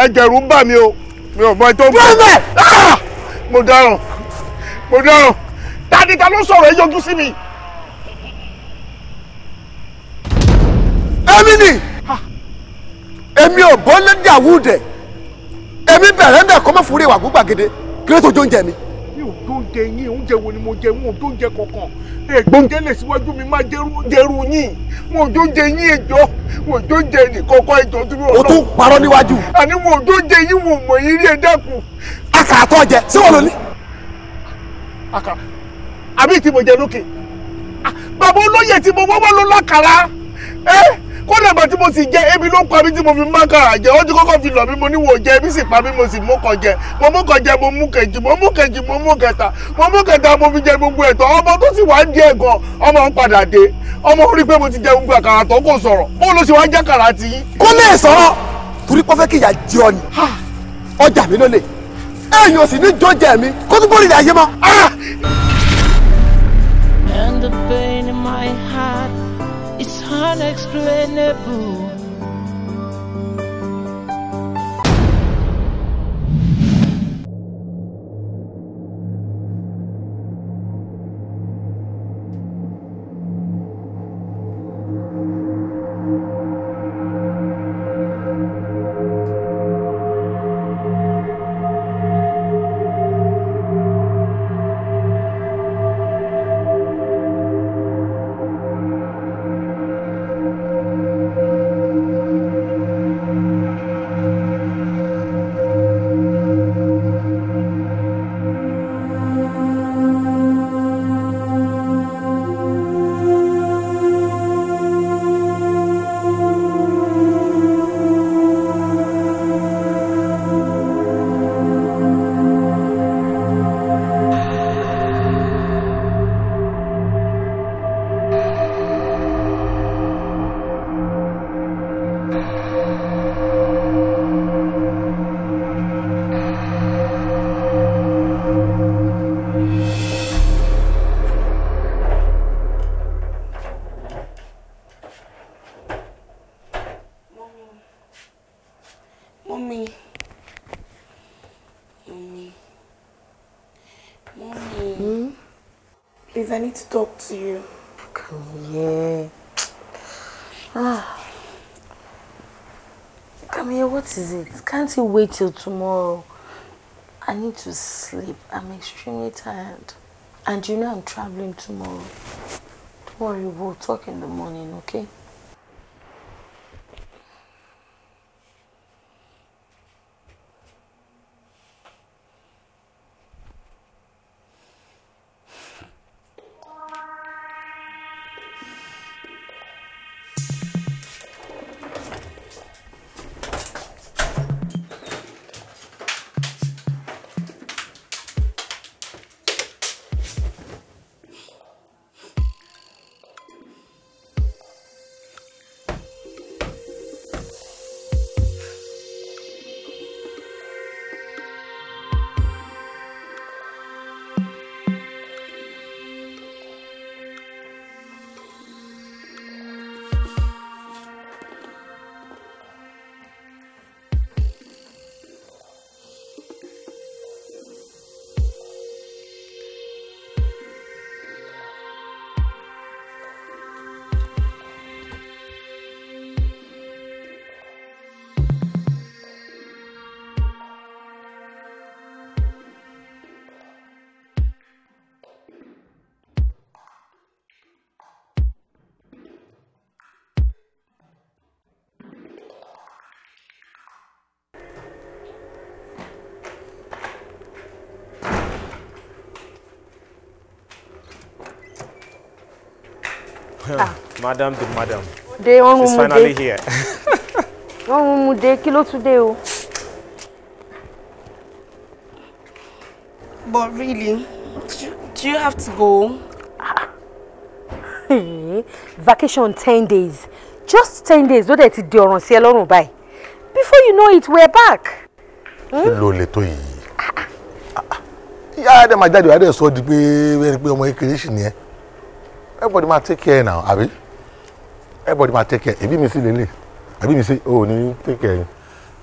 ẹjọ́ ẹ̀rù ń bà mí o mi ò mọ ètò ìgbà ah! mo dáràn mo dáràn ta ta ló sọ̀rọ̀ ẹ yọjú sí mi. Amini èmi ò bọ́ lédè àwùdẹ èmi bẹ̀rẹ̀ ń bẹ̀ kọ́ mọ́ fúri ìwà gbàgede tó jẹ mi. mi ò jẹ yín oúnjẹ wo ni mo jẹ wọn ò jẹ kankan ègbóúnjẹ lè síwájú mi máa jẹrú yín mo ò tó jẹ yín ẹjọ wọn ò tó ń jẹ ẹjọ lọ. o tún parọ́ níwájú. àní mo ò tó yín wọn ò mọ̀ yín rí ẹ kódà bá tí mo sì jẹ ebi ló pa mí tí mo fi má kàrà jẹ ọjọ́ kọ́kọ́ fi lọ mí mo níwò jẹ ebi sì pa mí mo sì mú kàn jẹ mo mú kàn jẹ mo mú kejì mo mú kejì mo mú kẹta mo mú kẹta mo fi jẹ gbogbo ẹ̀tọ́ ọmọ tó sì wá ń díẹ̀ gan ọmọ ń padà dé ọmọ orí pé mo ti jẹ gbogbo àkàrà tó kò sọ̀rọ̀ bó ló ṣe wá jẹ́ kàrà ti yín. kó lè sọ̀rọ̀ torí pé fẹ́ kí ìyá jẹ ọ ni ọjà mi ló lè ẹ̀yìn òsì ní jọ́jẹ̀ mi kó tún bó unexplainable to you. Come here. Ah. Come here, what is it? Can't you wait till tomorrow? I need to sleep. I'm extremely tired. And you know I'm traveling tomorrow. Don't worry, we'll talk in the morning, okay? Ah. madam the madam de wọ́n mú mu dé <laughs> wọ́n mú mu dé kí ló tún o. but really do you, do you have to go. <laughs> Eh, vacation ten days just ten days Don't let it di ọ̀ràn sí ẹ lọ́rùn before you know it we're back. Hmm? kí ló lè tó yìí. Ah, ah, ìyá àdèmàjáde àdèsọ́ di pé ọmọ kékeré sì ni ẹ́ everybody ma take care now Abi. everybody ma take care èbí mi sì lélẹ̀ àbí mi sì ò ní take care.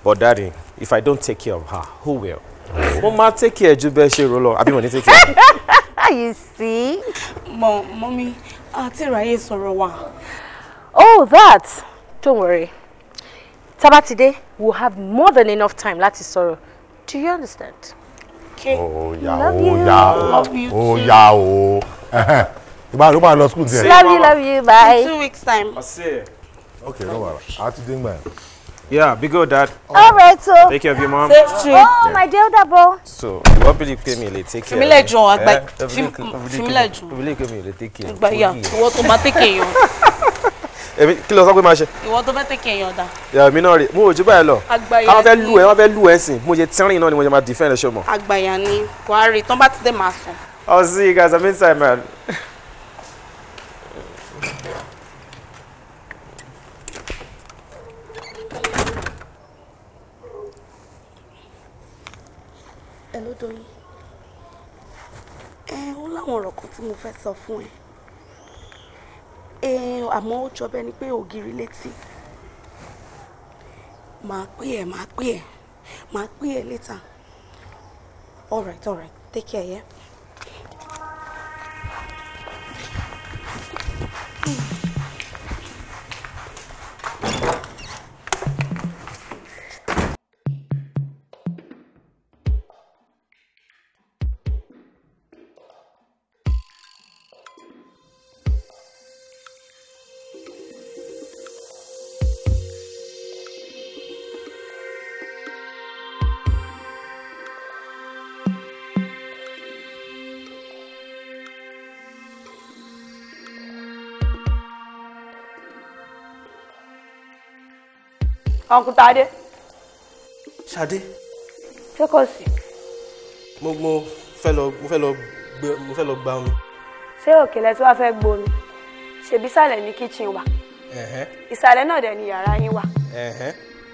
but daddy if i don't take care of her who will. mo máa take care ju bẹ́ẹ̀ ṣe rò lọ Abi, mo ní take care. <laughs> you see. mọ mọmi àti ìráyè sọ̀rọ̀ wa. oh that don't worry tabatide will have more than enough time láti sọ̀rọ̀ do you understand. okay oh, yeah, love oh, you yeah, love you oh, too. oh, yeah, oh. <laughs> ìgbà ló máa lọ school díẹ̀. love you love you bye. in two weeks time. ọ̀sẹ̀. okay no wahala a ti dé ngbà Yeah, be good, Dad. All right, so take care of your mom. Safe trip. Oh, my dear, double. So, you want to pay me? Let's take care. Eh? Fimile John, agba. Fimile John. Fimile pay me. Let's take care. Agba ya. Ìwọ tó máa take care yo. <laughs> Èmi kí ló sọ pé máa ṣe. Ìwọ tó fẹ́ take care yo da. Ya mi náà rí. Mo ju báyìí lọ. Agba ya. Ká fẹ́ lù ẹ́, wọ́n fẹ́ lù ẹ́ sìn. Mo je tirin náà ni mo je máa defend ẹ so mo. Agba ya ni. Ko are ton ti de ma so. Oh, see you guys. I'm inside, man. <laughs> ẹ ló doyin ẹ ó láwọn ọ̀rọ̀ kan tí mo fẹ́ sọ fún ẹ àmọ́ ó jọ bẹ́ẹ̀ ni pé ògiri létí màá pè ẹ́ màá pè ẹ́ màá pè ẹ́ later all right all right take care yeah. ọ̀nkú Tadé. Ṣadé. ṣé kò sí. mo mo fẹ́ lọ mo fẹ́ lọ gbé mo fẹ́ lọ gba a ṣé òkè lẹ tí wàá fẹ́ gbomi ṣèbí ìsàlẹ̀ ní kíchìn wa ìsàlẹ̀ náà dẹ̀ ni yàrá yín wà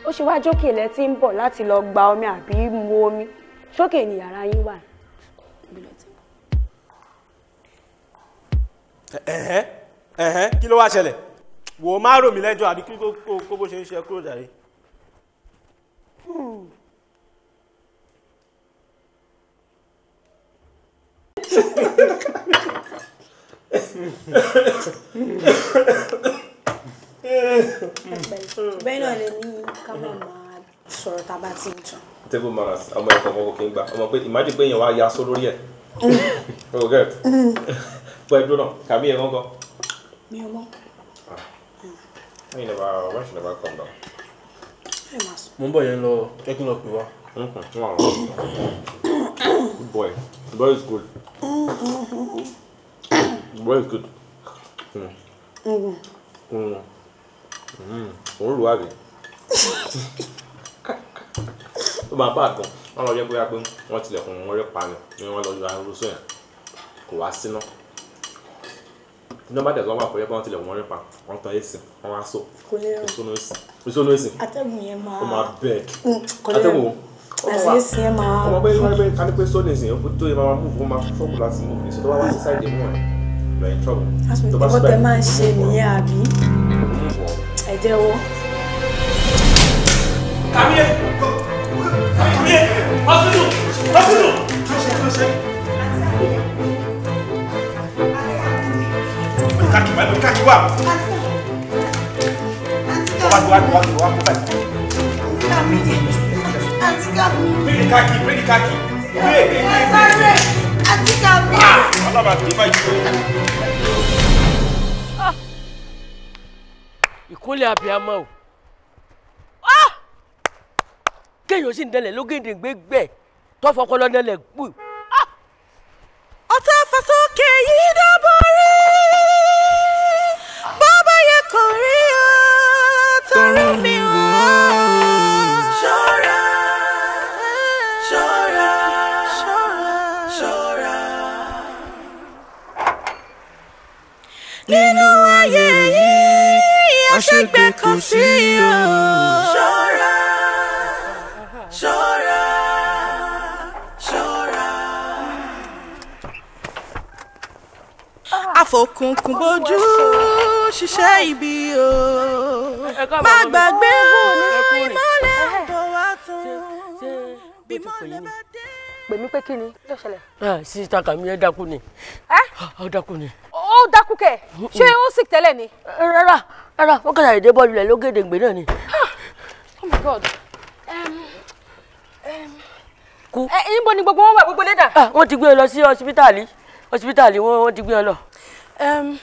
ó ṣe wáá jókè lẹ tí ń bọ̀ láti gba omi àbí mu omi sókè ni yàrá yín wà. kí ló wá ṣẹlẹ̀ wò ó má rò mí lẹ́jọ́ àbí kí kó bó ṣe ń ṣe kúrò jàre. bá ti ń tún. table manners ọmọ ẹ̀kọ́ ọmọ kò ń gbà ọmọ pé ìmájì pé èèyàn wá ya aṣọ lórí ẹ̀ <laughs> o get pẹ́ dúró náà kàbí ẹ̀ wọ́n gan. mi ò mọ̀. ẹ̀yin nàbà wọ́n ṣì nàbà kàn náà. mo ń bọ̀ yẹn lọ jẹ́ kí n lọ pè wá. Mm-hmm, boy boy is good boy is good. Mm. Mm-hmm. Mm. Mm. Mm. Mm. Mm. Mm. Mm tó bá bá kan wọ́n lọ jẹ́ pé pé wọ́n tilẹ̀kùn wọn rẹ̀ pa ni wọ́n lọ ra irú sóyàn kò wá síná tí wọ́n bá dẹ̀ wà pé wọ́n tilẹ̀kùn wọn rẹ̀ pa wọ́n tan èsì wọ́n wá so ìsónú èsì atẹ́gùn yẹn ó máa bẹ́ẹ̀ mm, atẹ́gùn wo ọmọ bẹ́ẹ̀ wọ́n bẹ́ẹ̀ kánípẹ́ sóni ìsìn yóò tó yẹ máa mú fún máa fọ́ọ̀kù láti mú ìsìn tó wá sí sáìdì mú máa ń ṣe nìyẹn àbí ẹ jẹ́wọ́. kàmíyé yẹ ọsùnù ọsùnù. kájú wa kájú wa. wá wá wá wá wá bíi káàkì bíi káàkì bíi bíi bíi. àti kàmí. ọlọ́ba tí ma jù ú. Ah, ìkúnlẹ̀ abiyamọ o. kéèyàn sì ń dẹlẹ̀ lógèdè gbégbẹ́ tọ́fọ́ kọ́ lọ́dẹ̀lẹ̀ gbù. Ah! ọ̀tá fasókè yìí ló borí bàbá yẹ kò rí ọ torí mi ò. nínú ayé yìí àṣegbè kò sí ọ. ṣọ́ra ṣọ́ra ṣọ́ra. àfọkùnkùn bójú ṣiṣẹ́ ibi o má gbàgbé ìmọ̀lẹ̀ tó wá tún bí mọ̀lẹ̀ bá dé. pèmí pé kí ni yóò ṣẹlẹ̀. Ah, sísítà kàmí ẹ dákú ni ah, ó dákú ni. ó dákú kẹ ṣé ó sì tẹ́lẹ̀ ni. rárá rárá wọ́n kàdà èdè bọ́ọ̀lù rẹ̀ ló gèdè gbé náà ni. Ah, oh my god kú. ẹ níbo ni gbogbo wọn wà gbogbo lẹ́dà. Ah, wọ́n ti gbé e lọ sí ọsibítàlì ọsibítàlì wọ́n ti gbé e lọ.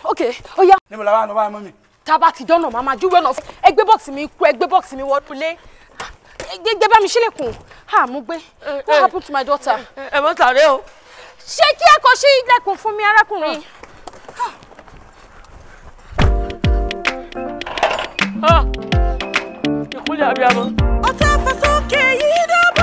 ok ó yá. níbo la wà ní wàá mọ́ mi. tábà ti dọ́nà màmá júwèé náà ẹ gbé bọ́ọ̀sì mi kú ẹ gbé bọ́ọ̀sì mi wọ́n lé gbẹgbẹ bá mi ṣílẹ̀kùn ha mo gbé eh, what eh, happened to my daughter. Eh, ẹ mọ tàrẹ o. ṣé kí ẹ kọ sí ilẹ̀kùn fún mi arákùnrin. Ah, ìkúlẹ̀ abiyamọ. ọ̀tá fọ́sọ́kè yìí dá.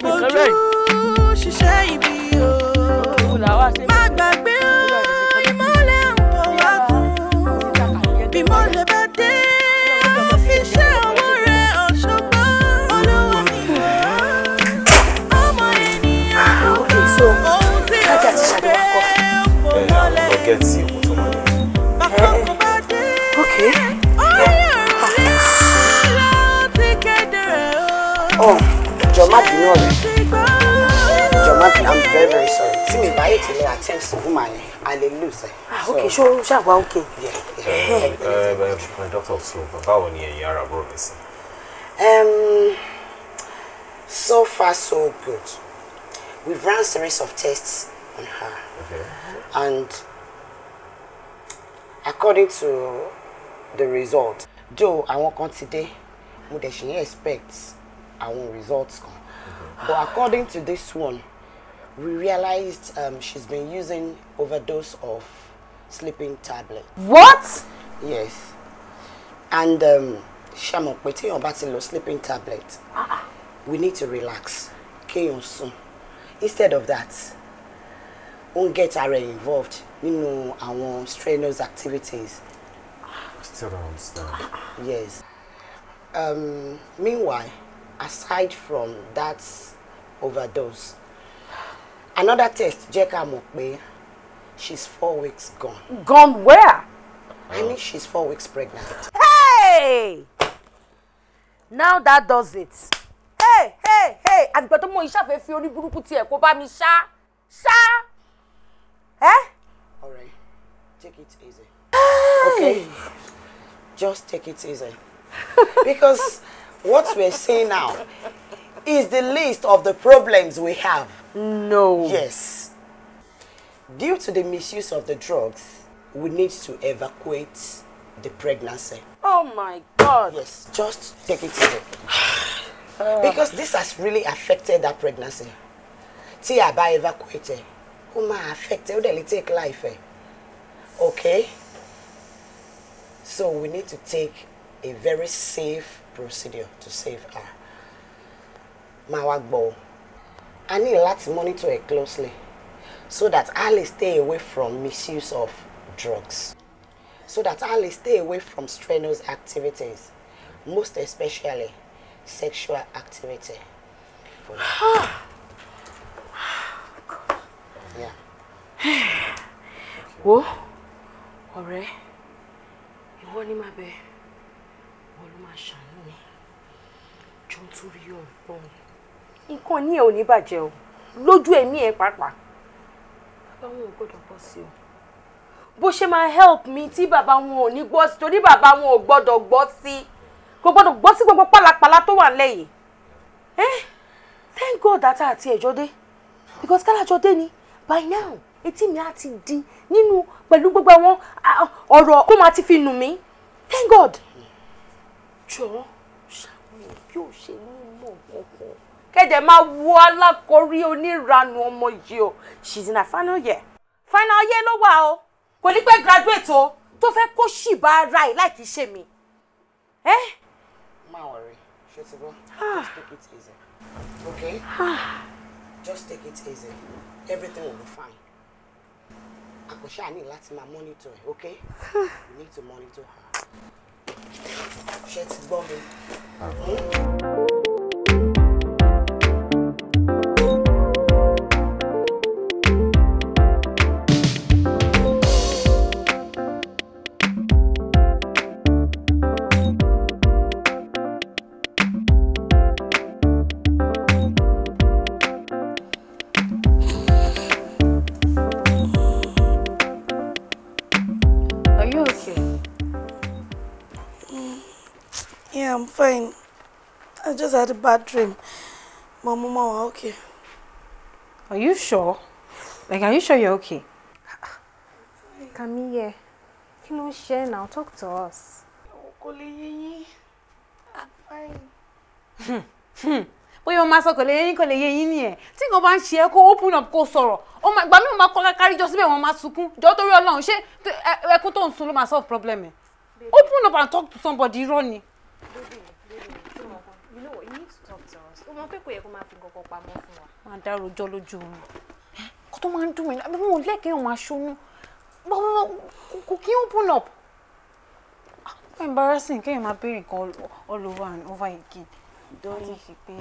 fojú ṣiṣẹ́ ibi o má gbàgbé o ìmọ̀lẹ̀ ń bọ̀ wá fún bí mo lè bá dé fi ọwọ́ rẹ ọ̀ṣọ́gbọ́ olówó mi wá ọmọ ènìyàn ah, ohun tí o gbé kò mọ́lẹ̀. Oh má bínú ọ̀rẹ́ jọ má bínú i'm very very sorry tí mi báyìí ti lè attend to woman yẹn Ah, okay, sure, sure, ok ṣé Yeah. ṣàgbá ok. dr so báwo ni ẹ̀yin ara bro mi um, so far so good we've run series of tests on her okay. and according to the result though I won't ti dé mo dẹ̀ ṣe expect results come. But according to this one, we realized um, she's been using overdose of sleeping tablet. What? Yes. And um, ṣá mọ̀ pé your bá ti sleeping tablet, ah. we need to relax. Kéèyàn sùn. Instead of that, won't get ara involved nínú àwọn strenuous activities. still don't understand. Yes. Um, meanwhile, aside from that overdose another test jẹ́ ká mọ̀ pé she's four weeks gone. gone where. I mean she's four weeks pregnant. Hey! Now that does it. Hey, hey, hey! Àgbẹ̀ tó mọ iṣẹ́ àfẹ́ fi orí burúkú tiẹ̀ kó bá mi ṣá. Ṣá! Alright, take it easy. Okay, just take it easy. Because what we're saying now is the list of the problems we have. No. Yes. Due to the misuse of the drugs, we need to evacuate the pregnancy. Oh my God. Yes, just take it easy. <sighs> Because this has really affected that pregnancy. Tia by bá evacuate, Who may affect, ó dẹ̀ take life. Okay? So we need to take a very safe procedure to save her máa wá gbọ́ o a ní láti monitor her closely so that Ali stay away from misuse of drugs so that Ali stay away from strenuous activities most especially sexual activity. yeah. <sighs> wo ọ̀rẹ́ ìwọ ni màá bẹ̀ẹ́. nítorí ọgbọ́n nǹkan ní ẹ ò ní bàjẹ́ o lójú ẹ̀mí ẹ pàápàá bàbá wọn ò gbọ́dọ̀ bọ́ sí o bó ṣe máa help mi tí bàbá wọn ò ní gbọ́ sí torí bàbá wọn ò gbọ́dọ̀ gbọ́ sí kò gbọ́dọ̀ gbọ́ sí gbogbo pálapàla tó wà lẹ́yìn ẹ thank God that àti ẹ̀jọ́ dé because kálájọ dé ni by now etí mi á ti di nínú pẹ̀lú gbogbo àwọn ọ̀rọ̀ kó máa ti fi nù mí thank God jọ̀ọ́. Sure tí ò ṣe ní mọ̀ kankan kẹ́jẹ̀ máa wo alákọ̀ọ́rí oníranu ọmọ yìí o she's in her final year final year ló wà o kò ní pẹ́ graduate o tó fẹ́ kó ṣì bá ara ẹ̀ láì kí ṣe mi. má worry ṣe ti bọ́ ah. just take it easy okay ah. just take it easy everything will be fine àkọ́ṣà ní láti máa monitor ẹ̀ okay you ah. need to monitor her. Shit's bombing. fine. I just had a bad dream. My Mama, we're okay. Are you sure? Like, are you sure you're okay? Camille, you know ló now. Talk to us. Kò lè yé yín. I'm fine. Hmm, hmm. Bóyá o máa sọ kò lè yé yín kò lè yé yín nìyẹn. Tí nǹkan bá ń ṣe ẹ́ kó open up kó sọ̀rọ̀. Ó máa gbà mí ò máa kọ́ kárí jọ síbẹ̀ wọ́n máa sunkún. Jọ torí I, ṣé ẹkún tó ń sun ló máa solve problem ẹ̀. Open up and talk to somebody irọ́ ni. Baby mọ̀ pé kò yẹ kó máa fi nǹkan pamọ́ fún wa. máa dá rojọ́ lójú oorun kó tó máa ń dùn mí àbí mo lẹ́kẹ̀ẹ́ òun aṣọ́nú kò kí ń open up. Ah, ó embarrassing kéèyàn máa béèrè nǹkan all over and over again. dọ́yìn àti pé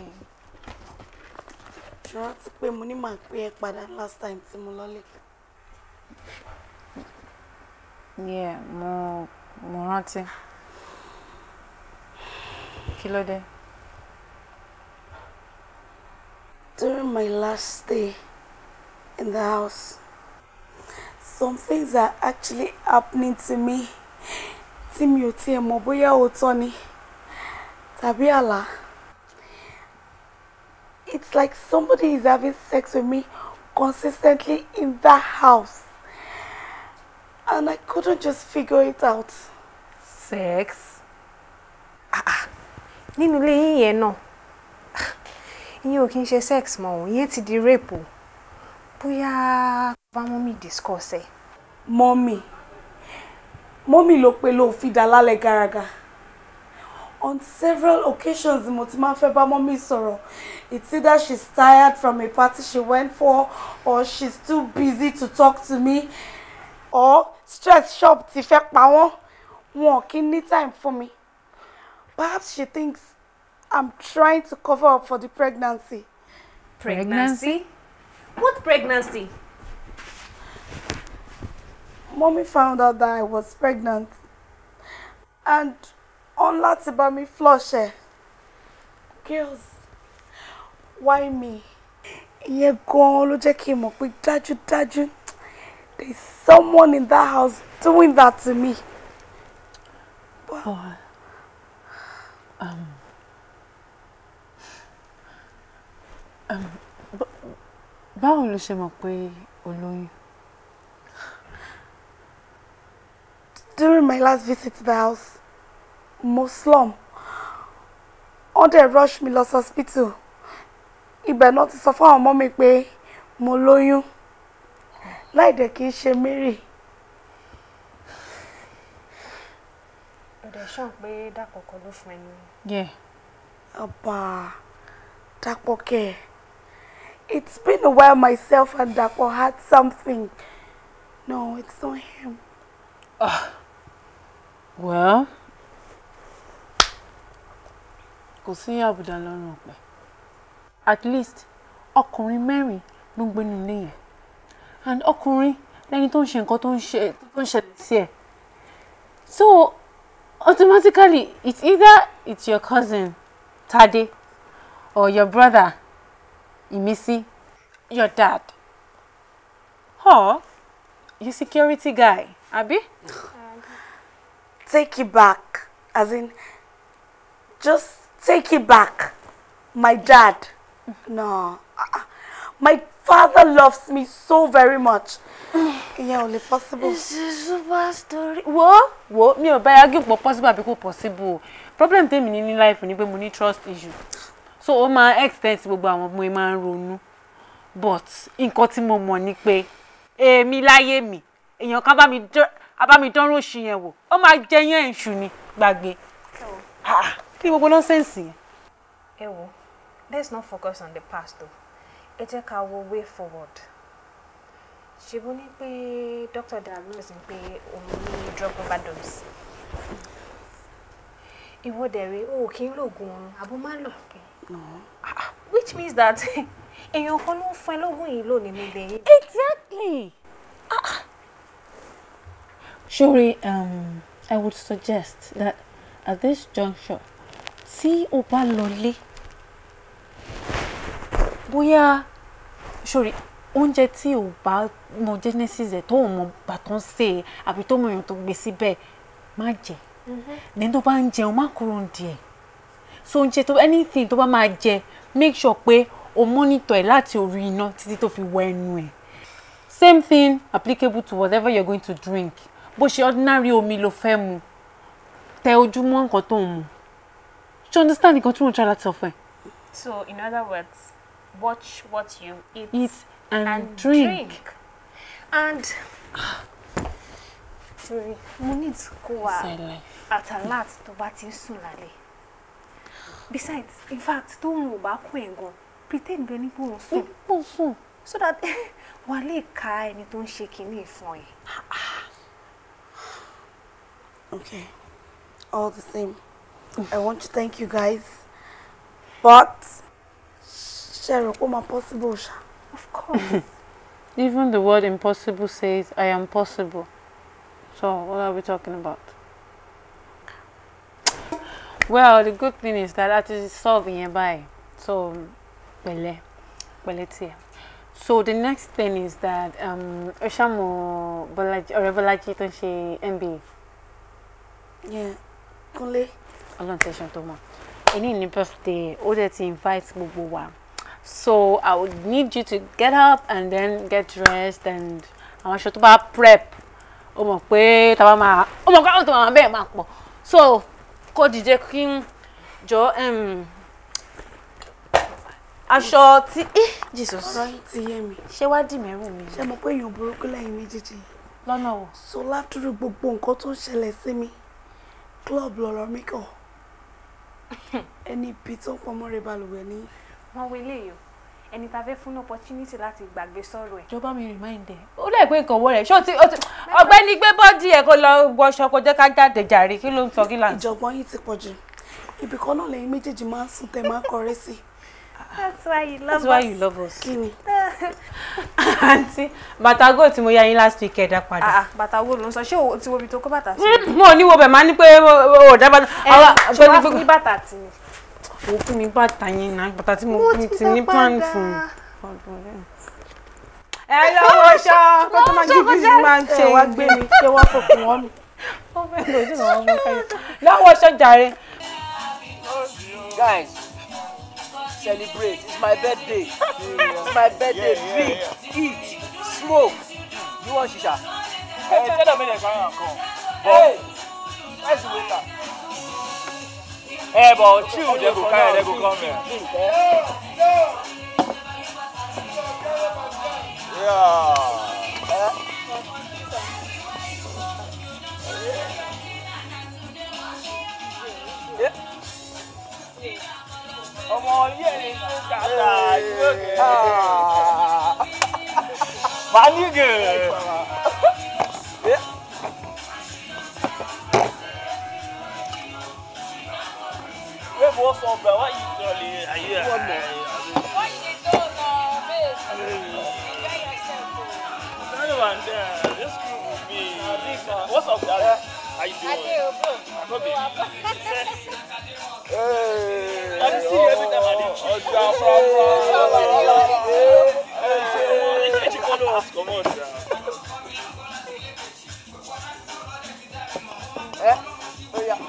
ṣọ́ra ti pé mo ní màá pé ẹ padà last time tí mo lọ́lẹ̀. yeah mo mo rántí kí ló dé. During my last stay in the house, some things are actually happening to me tí mi ò tiẹ̀ mọ̀ bóyá It's like somebody is having sex with me consistently in that house. And I couldn't just figure it out. Sex? Ah, ah. ilé yín yẹn ìyẹn ò kí ń ṣe sex mọ́ òun ìyẹn ti di rape o bóyá bá mọ́mì discuss ẹ̀. mọ́mì mọ́mì ló pe ló fi dá lálẹ́ garaga on several occasions mo ti máa fẹ́ bá mọ́mì sọ̀rọ̀ it's either she's tired from a party she went for or she's too busy to talk to me or stress shop ti fẹ́ pa wọ́n wọn kì í ní time fún mi perhaps she thinks I'm trying to cover up for the pregnancy. Pregnancy? What pregnancy? Mommy found out that I was pregnant. And on láti bá mi flush Girls, why me? Ìyẹn gan-an ló jẹ́ kí n someone in that house doing that to me. But, but um, báwo ló ṣe mọ̀ pé o lóyún. during my last visit to the house mo slum wọ́n rush mi lọ hospital ibẹ̀ náà ti sọ fún àwọn ọmọ mi pé mo lóyún láì dẹ̀ kí n ṣe Mary. ọ̀dẹ̀ ṣàn pé dàpọ̀ kan ló fún ẹ ní. ọba dàpọ̀ kẹ́ ẹ̀. It's been a while myself and Dapo had something. No, it's not him. Uh, well, kò sí àbùdá lọ́rùn ọ̀pẹ. At least ọkùnrin Mary, ló ń gbé nínú And ọkùnrin lẹ́ni tó ń ṣe nǹkan tó ń ṣe tó ń So automatically it's either it's your cousin Tade or your brother. Imisi, your dad. Oh, you security guy, Abby. <laughs> Take it back. As in, just take it back. My dad. Mm-hmm. No. My father loves me so very much. <sighs> Yeah, only possible. It's a super story. What? What me? ò bá yá possible because possible. Problem thing in ní life when pé mo trust issue so ó máa extend gbogbo àwọn ọmọ ẹ máa ń ronú but nǹkan tí mo mọ̀ ni pé èmi láyé mi èèyàn kan bá mi dánrò sí yẹn wò ó máa jẹ yẹn èṣù ni gbàgbé kí gbogbo nọ́sẹ̀nsì yẹn. ẹ wo let's not focus on the past o ẹ jẹ́ ká wo way forward ṣebú ní pé dr dalmus ń pé òun ní drug overdose ìwọ dẹ̀ rèé o kì í lo oorun àbó má lò pé. No. which means that <laughs> èèyàn kan ló ń fún ẹ lóògùn yìí lónìí nílé Exactly. Ah. Surely, um, I would suggest that at this juncture, tí o bá lọlé, bóyá surely oúnjẹ tí o bá mọ genesis ẹ̀ tó o mọ bàtọ́ ń ṣe àbí tó mọ èèyàn tó gbé síbẹ̀ má jẹ. Mm-hmm. Ní tó bá ń jẹun má kúrò ń so oúnjẹ tó anything to bá máa jẹ make sure pé o monitor ẹ láti orí iná títí tó fi wọ ẹnu ẹ same thing applicable to whatever you're going to drink bó ṣe ordinary omi ló fẹ́ mu tẹ ojúmọ́ nǹkan tó ń mu ṣe understand nǹkan tí mo ń try láti sọ fún ẹ. so in other words watch what you eat, eat and, and drink. drink and <sighs> sorry mo need kó wa at alert tó bá ti ń sùn lálẹ́ besides in fact don't ò bá kún ẹ̀ pretend bẹ́ẹ̀ ni pé òun sùn. so that <laughs> wàá lè ka ẹni tó ń ṣe kinní ìfọn ẹ. okay all the same i want to thank you guys but ṣe rò pé possible of course. <laughs> even the word impossible says i am possible so what are we talking about well the good thing is that a ti solve yẹn by so pẹ̀lẹ́ pẹ̀lẹ́ tiẹ̀ so the next thing is that um, ó ṣàmù or Bọ́lájí tó ń ṣe MBA. Kúnlé. Ọlọ́run tẹ̀sán tó mọ̀ èyí ni birthday ó dẹ̀ ti invite gbogbo wa so I would need you to get up and then get dressed and I àwọn aṣọ tó bá prep ó mọ̀ pé tàbá máa ó mọ̀ pé àwọn tó máa bẹ́ẹ̀ máa pọ̀ so kó dìde kí n jọ aṣọ tí jesus ṣé wàá dì mẹ́rù mi. ṣé mo pé èèyàn burúkú lẹ́yìn méjèèjì lọ́nà wo. so látúrú gbogbo nǹkan tó ń ṣẹlẹ̀ sí mi club lọ̀rọ̀ mi kàn <laughs> ẹni ibi tó ń fọmọ́ rẹ̀ balùwẹ̀ ní. wọ́n wí léyìí ẹni tá a fẹ́ fún opportunity láti gbàgbé sọ̀rọ̀ ẹ̀. ìjọba mi remind ẹ ó lè gbé ìkọ̀wọ́ rẹ̀ ṣó ti ọ̀gbẹ́ni gbé bọ́ọ̀dì ẹ̀ kó lọ wọṣọ kó jẹ́ ká jáde jàre kí ló ń sọ kí là ń. ìjọ̀gbọ́n yìí ti pọ̀ jù ibì kan náà lẹ́yìn méjèèjì máa ń sùn tẹ́ máa ń kọrẹ́ sí. that's why you love us. that's why you love us. Kini. ni. <laughs> àǹtí bàtà góò tí mo ya yín last week ẹ̀dá padà. Ah, ah, bàtà góò ló ń sọ ṣé o ti wo ibi tó kó bàtà sí. Hmm, mo ò ní wo bẹ̀ máa ní pé o ò dá bàtà. ẹ eh, mo fún mi bàtà yẹn náà bàtà tí mo ti ní plan fún ẹ lọ́wọ́ ṣá kó tó máa gbígbí sí máa ń ṣe wá gbé mi ṣé wá fòkùn wọn mi ó fẹ́ lò guys celebrate it's my birthday it's my birthday drink eat smoke you wan shisha. ẹ tẹ́lẹ̀ mi lè kọ́ ẹ̀yàn kan bọ́ ẹ̀ ẹ̀ sì wéta. Hey, boy! two, they go carry, they go come here. Yeah. Yeah. Ọmọ yẹn ni tó wo for bro? What you call it? Are you? One more. What you did do now, babe? Enjoy yourself. That one there, this crew will be. What's up, Dad? How you doing? I do, bro. I'm not being. Hey. I'm seeing you every time I did. Oh, oh, yeah, bro, bro. Hey, hey, hey. Hey, come on, come on, yeah. Eh? Oh yeah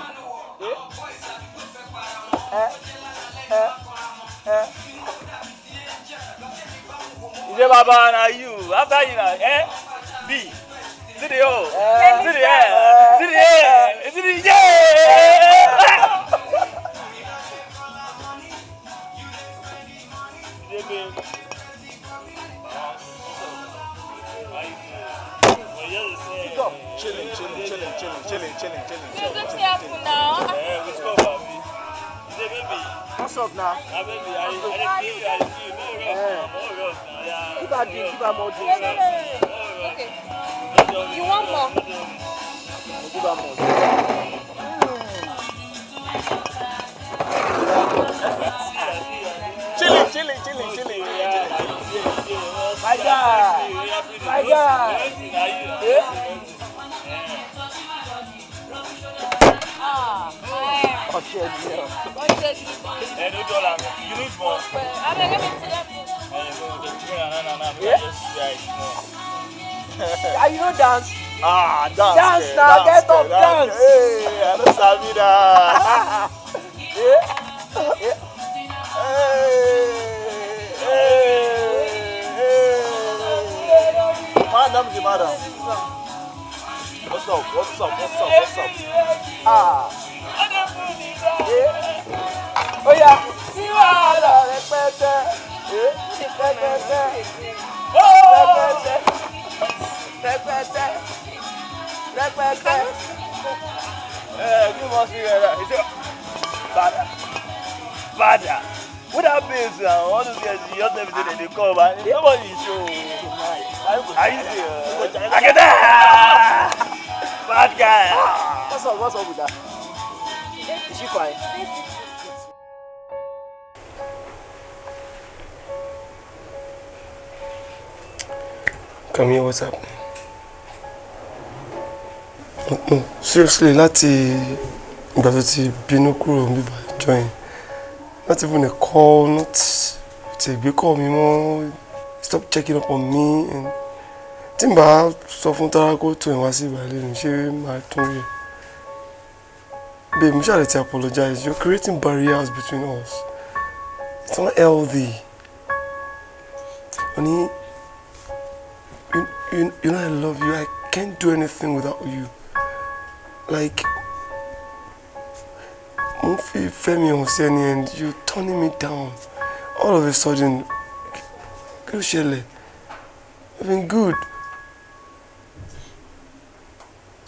ìdè bàbá na you after you na eh b zidi o zidi ẹ zidi ẹ zidi yẹ. Chilling, chilling, chilling, chilling, chilling, chilling, chilling. What's happening now? Eh, What's up now? Yeah. Keep at it, keep at more drinks. Okay. You want more? Keep at more drinks. Chili, chili, chili, chili. My God. My God. Ah, man. Yeah. ni ọ. ọ̀ṣẹ́ ni ọ. ẹnu dọ́là mi you need more. abẹ́gẹ́ mi ti dábìí. ẹ̀yin ló ń tẹ̀sí mi nànà nànà mi ò yẹ sí àyè náà. are you no dance. ah dance dance na get up dance. ee i no sabi na. Madam, madam. What's up? What's up? What's up? What's up? Ah ó yá sí wàhálà rẹpẹtẹ rẹpẹtẹ rẹpẹtẹ rẹpẹtẹ rẹpẹtẹ ẹ kí mo sì rẹ rẹ ṣe padà padà without beans and all those guys you just everything dem dey come and nobody show are you serious akita bad guy. what's up what's up with that. Is Come here, what's happening? No, no, seriously, láti ìgbà tó ti bínú kúrò níbi join. Not even a call, not to be call me more. Stop checking up on me and tí n bá sọ to and tó ìwá sí ìbàlẹ̀ ṣé máa you rí i. Babe, I'm sure apologize. You're creating barriers between us. It's not healthy. Honey, you, you, you know I love you. I can't do anything without you. Like, Mufi Femi ìfẹ́ and you are turning me down all of a sudden ki ṣẹlẹ̀ I've been good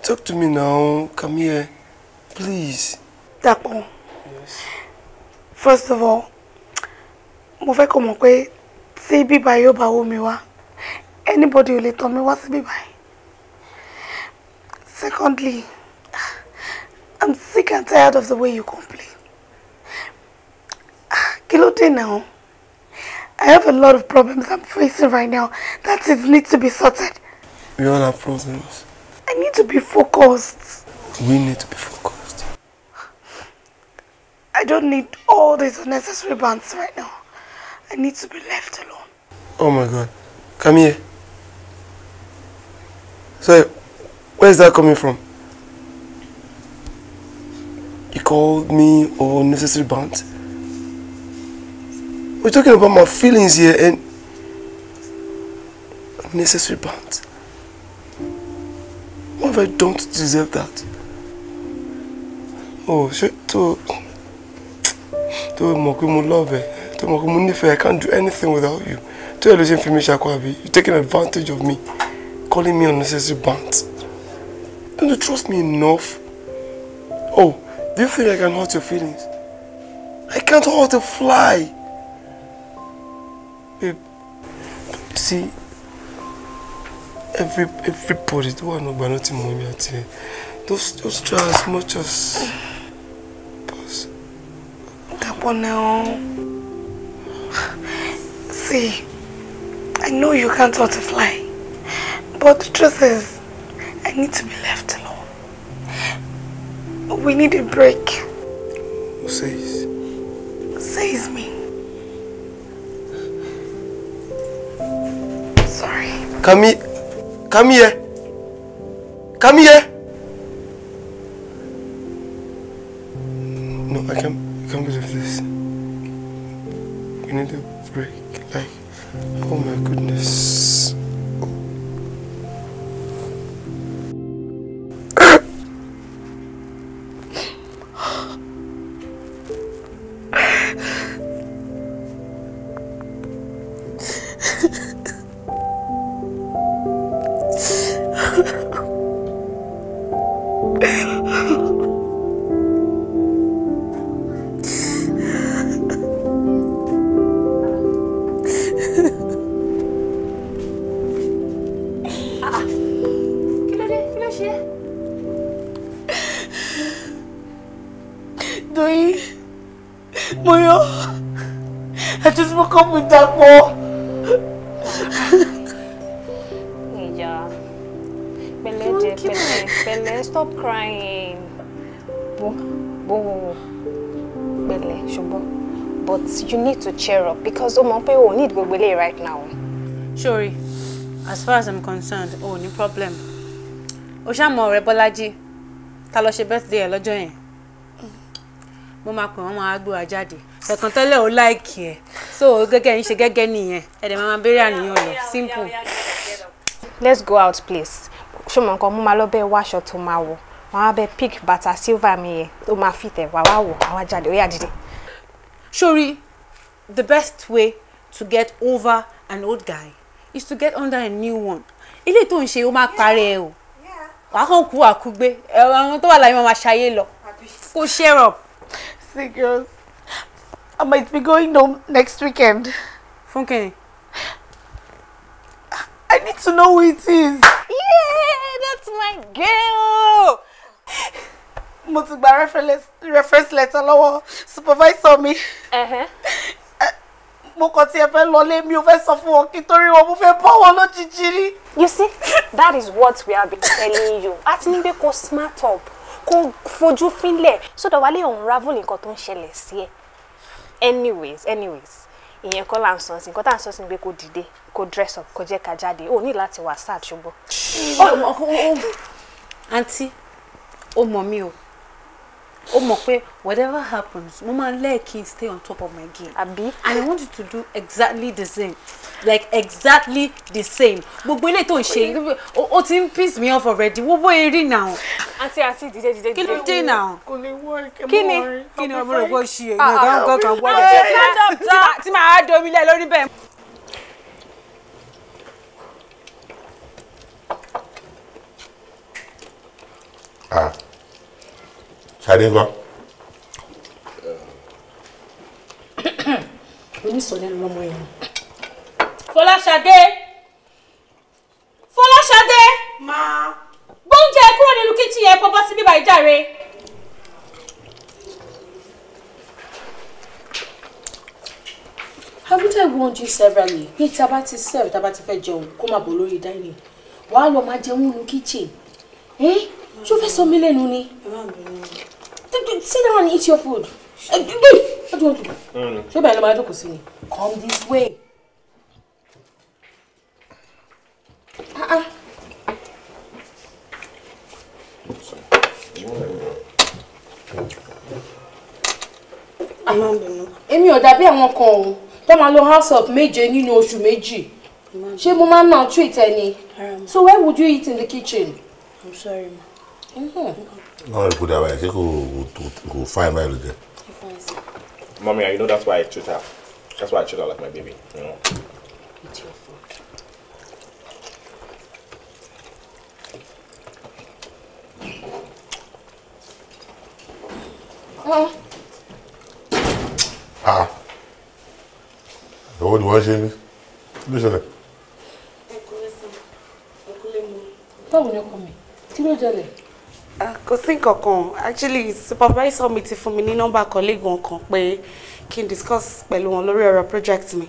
talk to me now come here. please. Dàpọ̀. Yes. First of all, mo fẹ́ kó mọ̀ pé tí bíbá yóò bá wó mi wá, anybody will tell me what's wá sí bíbá Secondly, I'm sick and tired of the way you complain. Kí ló dé I have a lot of problems I'm facing right now that it needs to be sorted. We all have problems. I need to be focused. We need to be focused. I don't need all these unnecessary bands right now. I need to be left alone. Oh my god. Come here. So, where's that coming from? You called me all unnecessary bonds. We're talking about my feelings here and unnecessary bonds. What if I don't deserve that? Oh, so... tó mọ̀ pé mo love ẹ tó mọ̀ pé mo nífẹ̀ẹ́ I can't do anything without you tó yẹ ló ṣe ń fi mi ṣakọ àbí you taking advantage of me calling me unnecessary bant don't you trust me enough oh do you think I can hurt your feelings I can't hurt a fly babe see every everybody tó wà ní ọgbà náà ti mọ mi àti ẹ just just try as much as. Tapona, oh. see, I know you can't sort of fly, but the truth is, I need to be left alone. We need a break. Who says? Says me. Sorry. Come here. Come here. Come here. cheer up because o mọ̀ pé o need gbogbo eléyìí right now. Sorry, as far as I'm concerned, o oh, ní problem. O ṣàmọ̀ ọ̀rẹ́ Bọ́lájí ta lọ ṣe birthday ẹ̀ lọ́jọ́ yẹn. Mo máa pè wọ́n máa gbé wa jáde. Ẹ̀kan tẹ́lẹ̀ ò láìkì ẹ̀. So gẹ́gẹ́ ń ṣe gẹ́gẹ́ nìyẹn. Ẹ̀dẹ̀ máa máa bẹ̀rẹ̀ àníyàn lọ. Simple. Let's go out please. Ṣé mo nǹkan mo máa lọ bẹ́ẹ̀ wáṣọ tó máa wọ̀? Màá bẹ pick bàtà silver mi yẹn. O máa fit ẹ̀ wá wá wọ̀ àwa jáde. Ó yá dìde. Sori the best way to get over an old guy is to get under a new one ilé tó ń ṣe ó máa parẹ́ ẹ o wàá kàn kú àkúgbé àwọn tó wà láyé máa ṣayé lọ kó share see girls I might be going home next weekend. Funke. I need to know who it is. Yeah, that's my girl. mo ti gba reference letter lọ́wọ́ supervisor mi. Uh-huh mo kàn tiẹ̀ fẹ́ lọlé mi ò fẹ́ sọ fún wọn kí torí wọn mo fẹ́ bọ́ wọn lójijì rí. you see that is what we have been telling you a ti ní pé kó smart up kó fojú fínlẹ̀ so that wàá lè unravel nǹkan tó ń ṣẹlẹ̀ sí ẹ anyways anyways ìyẹn kọ́ là ń sọ sí nǹkan tá à ń sọ sí ni pé kó dìde kó dress up kó jẹ́ ká jáde ó ní láti wà sad ṣùgbọ́n. àǹtí ó mọ̀ mí o ó mọ̀ pé whatever happens mo máa lẹ́ẹ̀kí stay on top of my game. àbí and i want you to do exactly the same like exactly the same gbogbo ilé tó ń ṣe ó ti ń piss me off already wo bó erin now. àti àti dìde dìde dìde kí ló dé now. kò lè wọ ìkẹ́ mọ́ kí ni kí ni ọmọ rẹ̀ gbọ́ ṣe èyí ọ̀gá ọ̀gá kan wọ́n rẹ̀ tí màá domi lẹ́ lórí bẹ́ẹ̀. Ah. Ṣadé ńkọ́. onísọ̀lẹ́nu lọmọ yẹn. Fọláṣadé Fọláṣadé. máa. gbóúnjẹ kúrò nínú kíchìn yẹn kọ́ bọ́ sí bíbá ìjàre. haven't I warned you severally pé tí a bá ti serve tí a bá ti fẹ́ jẹun kó má bọ̀ lórí dining wàá lọ máa jẹun nínú kíchìn eh? ṣó fẹ́ sọ mí lẹ́nu ni. ẹ má bẹ̀rẹ̀ Sit down and eat your food. Hey, eh, what do you want to do? No, no. Ṣé bẹ̀rẹ̀ ló máa Come this way. Ah ah. ah èmi ò dàbí àwọn kan o. Tó máa lọ house up méje nínú oṣù méjì. Ṣé mo máa ń náà treat ẹni? So where would you eat in the kitchen? I'm sorry ma. Mm -hmm. No, náà kò dàbà ṣé kò kò fine báyìí ló jẹ. Mommy, you know that's why i treat her that's why i treat her like my baby. You know? It's your fault. Oh. Ah. Ìwọ́n ni wọ́n ṣe mí. Kí ló ṣẹlẹ̀? Báwo ni ọkọ mi? Kí ló jẹlẹ̀? kò sí nǹkan kan actually supervisor mi ti fún mi ní nọ́mbà colleague wọn kan pé kí n discuss pẹ̀lú wọn lórí ọ̀rọ̀ project mi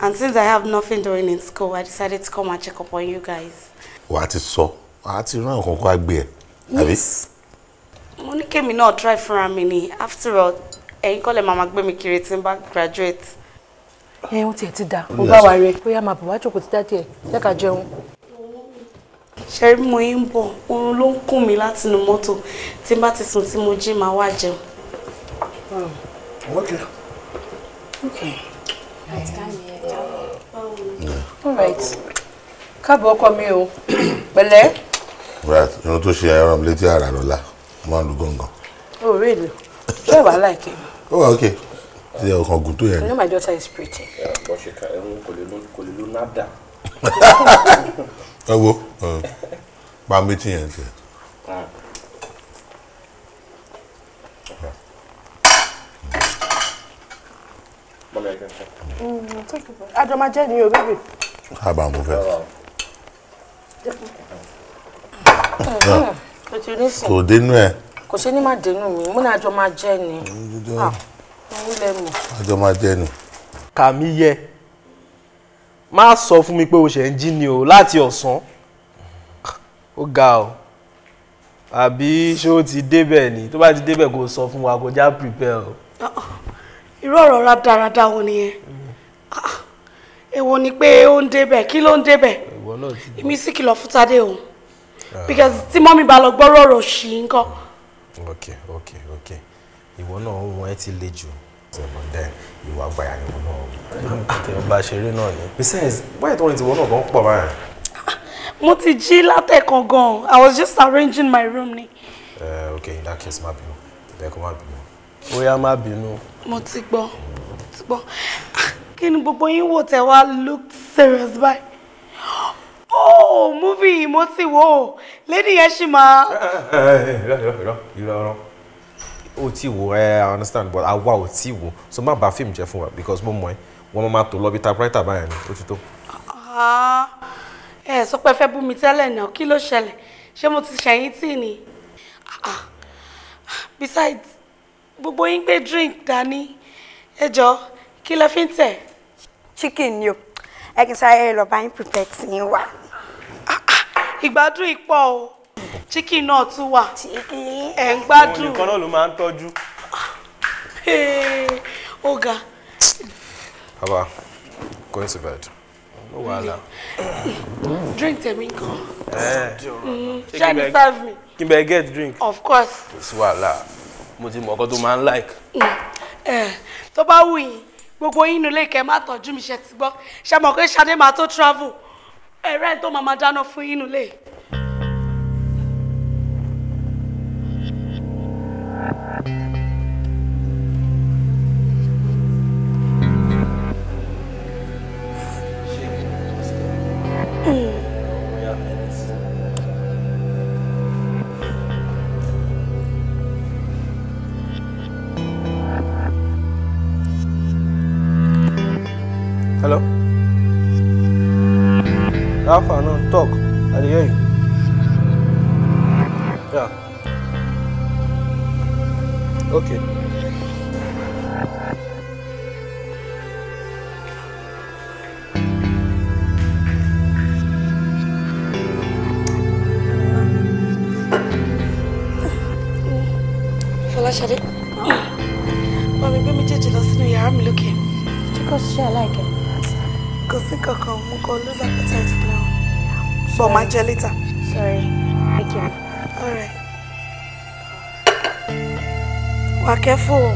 and since I have nothing doing in school I decided to come and check up on you guys. wàá ti sọ wàá ti rán nǹkan kan àgbẹ̀ ẹ̀. yes mo ní kémi náà try fúnra mi ni after all ẹ̀yin kọ́lẹ̀ màmá gbé mi kiri tí n bá graduate. ẹ ń tiẹ̀ ti da mo bá wa rẹ bóyá màá bọ̀ ti dá díẹ̀ jẹ́ ká jẹun ṣẹ́rí mo ń bọ̀ oorun ló ń kùn mí látinú mọ́tò tí bá ti sùn tí mo jí máa wá jẹun. all right káàbọ̀ ọkọ mi o pẹ̀lẹ́. right irun tó ṣe ẹran mi létí ara lọ́la máa ń lu gángan. oh really ṣé ẹ wàá láìké. oh ok ṣe ọkàn ogun tó yẹn. I know my daughter is pretty. bó ṣe kò lè ló nádà. <laughs> ẹ wo pa mítìn yẹn tẹ. àjọ máa jẹ́ ni o bébè. àbá mo fẹ́. kò dénú ẹ. kò ṣe ní má dénú mi mo ní àjọ máa jẹ́ ni. àjọ máa jẹ́ ni. Ah, kà yẹ má sọ fún mi pé o ṣẹ̀ ń jí ni o láti ọ̀sán ó ga o àbí ṣé o ti débẹ̀ ni tó bá ti débẹ̀ kó sọ fún wa kó já prepare o. irú ọ̀rọ̀ rádaràda wo nìyẹn èwo ni pé ó ń débẹ̀ kí ló ń débẹ̀ èmi sì kìlọ̀ fún Tádé o ah. because tí mọ́mí bá lọ gbọ́rọ̀ ọ̀rọ̀ ṣì ń kọ́. ok ok ok ìwọ náà wọn ẹ ti le jù but then ìwà àgbàyà ni wọn náà. tí o bá ṣe eré náà ni. besides why don't ti wọn náà gan pọ̀ báyìí. mo ti jí látẹ̀kan gan i was just arranging my room ni. Uh, okay in that case má bínú ẹ̀kọ́ má bínú. bóyá má bínú. mo ti gbọ́ ti gbọ́ kí ni gbogbo yín wò tẹ́ wá look serious by? oh movie mo ti wò lady yẹn ṣì máa. irọ́ irọ́ irọ́ irọ́ ó ti wò i understand but àwa ò ti wò so má bàa fíìmù jẹ fún wa because mo mọ̀ ẹ́ wọ́n máa tó lọ́bí typewriter báyẹn ni ó ti tó. Ah, ẹ sọ pé fẹ́ bú mi tẹ́lẹ̀ náà kí ló ṣẹlẹ̀ ṣé mo ti ṣẹ̀yìn tì ni ah, ah, besides gbogbo yín gbé drink dání ẹ jọ kí lẹ fi ń tẹ̀. chicken ni o ẹ kì í sáré lọ bá yín prepare tí ń wà. ìgbádùn ìpọ̀ o chicken náà tún wà ẹ̀ ń gbádùn. òun nìkan náà ló máa ń tọ́jú. ó ga. baba going to bed. no wahala. drink tèmi nǹkan. Eh. Mm-hmm. ṣé ni serve me. kí n bẹ get drink. of course. kò sí wàhálà mo ti mọ ọkọ tó máa ń like. Mm. Eh, tó bá wù yín gbogbo yín nílé ìkẹ́ má tọ́jú mi ṣe ti gbọ́ ṣe mọ̀ pé Ṣadé máa tó travel ẹ̀rẹ́ tó máa máa dáná fún yín nílé. wá ṣadé. Mọ̀mí gbé méjèèjì lọ sínú yàrá mi lókè. Ṣé kò ṣiṣẹ́ aláìkẹ́? Kò sí kankan, mo kàn lose appetite now. But máa jẹ later. Sorry, thank you. All right. Wà careful.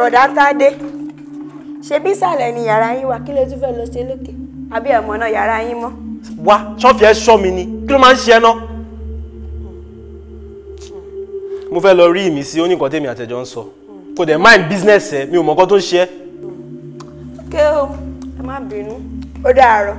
bọ̀dá Tádé ṣe bí ìsàlẹ̀ ni yàrá yín wà kí ló tún fẹ́ lọ ṣe lókè àbí ẹ̀mọ́ náà yàrá yín mọ́. wá ṣọ́ọ̀fì ẹ sọ mi ni kí ló máa ń ṣe ẹ ná. mo fẹ́ lọ rí ìmísí oníkan tèmi àtẹ̀jọ́ ń sọ kò dẹ̀ mind business ẹ mi ò mọ̀ nǹkan tó ń ṣe ẹ. kí o ẹ má bínú ó dàárọ̀.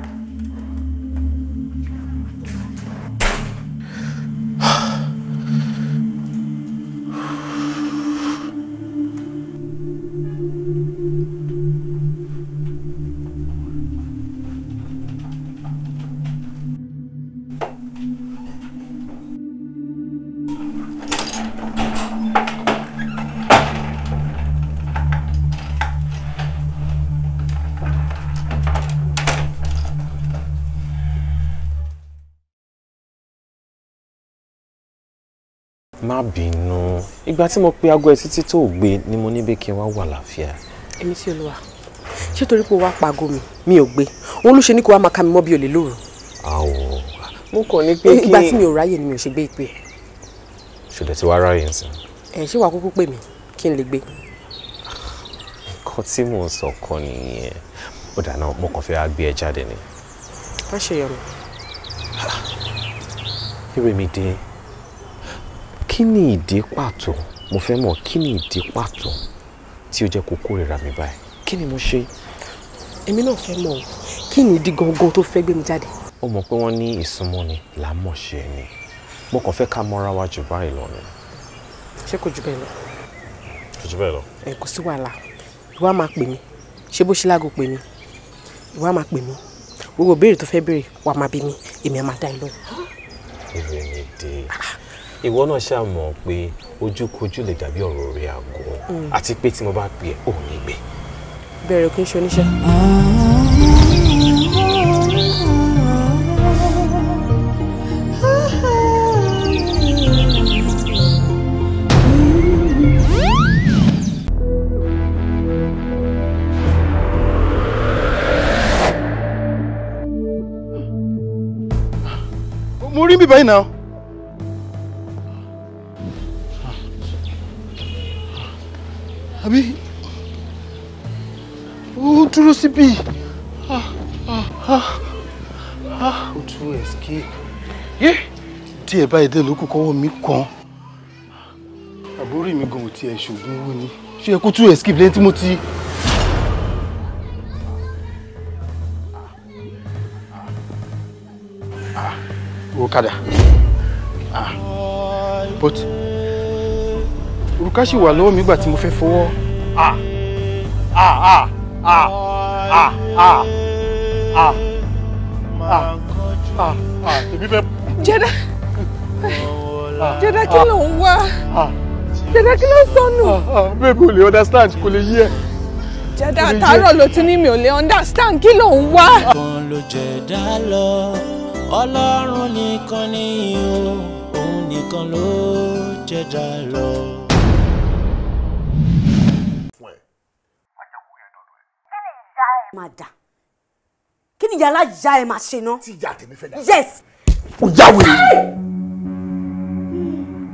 má bínú ìgbà tí mo pe aago ẹ títí tó gbé ni mo ní bí kí n wá wà láfíà. èmi sí olúwa ṣé torí pé o wá paago mi mi ò gbé òun ló ṣe ní kó wá máa ka mi mọ́ bí olè lóru. àwọ̀ mo kàn ní pé kí. ìgbà tí mi ò ráyè ni mi ò ṣe gbé ìpè ẹ̀. ṣùgbọ́n tí wàá ráyè ń sìn. ẹ ṣé wàá kúkú pè mí kí n lè gbé. nǹkan tí mò sọ kọ́ nìyẹn ó dáná mo kàn fẹ́ gbé ẹ jáde ni. má ṣe yọrọ. kí rèmi dé kí ni ìdí pàtó mo fẹ́ mọ̀ kí ni ìdí pàtó tí ó jẹ́ kó kórìíra mi báyìí kí ni mo ṣe. èmi náà fẹ́ mọ̀ kí ni ìdí gangan tó fẹ́ gbé mi jáde. ó mọ̀ pé wọ́n ní ìsúnmọ́ ni làámọ̀ṣe ni mo kàn fẹ́ ká mọ́ra wa jù báyìí lọ ni. ṣé kò jù bẹ́ẹ̀ lọ. kò jù bẹ́ẹ̀ lọ. ẹ kò sí wàhálà ìwà máa pè mí ṣé bó ṣe láago pè mí ìwà máa pè mí gbogbo béèrè tó fẹ́ béèrè wàá máa bí mi ìwọ náà ṣáà mọ̀ pé ojúkojú lè dàbí ọ̀rọ̀ orí aago mm. àti pé tí mo bá pè ẹ́ ò ní gbé. bẹ̀rẹ̀ kí n ṣe oníṣẹ́. mo rí mi báyìí náà. àbí ó dúró síbí ó tún escape yé díẹ̀ báyìí dé lókù kọ́wọ́ mi kan àbúrò mi gan ò tiẹ̀ ṣògùn owó ni ṣé ẹ kó tún escape lẹ́yìn tí mo ti. òkàdà ah, ah. ah. but òrùka sì wà lọ́wọ́ mi gbà tí mo fẹ́ fọwọ́. ah ah ah ah ah ah ah ah ah ah èmi fẹ́. jẹ́dá jẹ́dá kí ló ń wá jẹ́dá kí ló ń sọnù. bẹ́ẹ̀ni o understand kò lè yí ẹ. jẹ́dá àtàárọ̀ ti ní mi ò lè understand kí ló ń wá. kan ló jẹ̀dá lọ ọlọ́run ni o òun nìkan ló jẹ̀dá lọ. máa dà kí ni yàrá ìyá ẹ máa ṣe ná. tí ìyá tèmi fẹ́ dà. yes. ó yá wèrè ni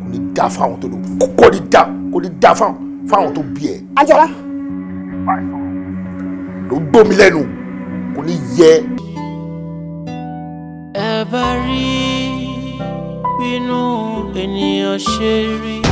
kò ní dá fáwọn tó lò kò ní dá kò ní dá fáwọn tó bí ẹ. ajọra. ló ń gbómi lẹ́nu kò ní yẹ. ẹ bá rí bínú ènìyàn ṣe rí.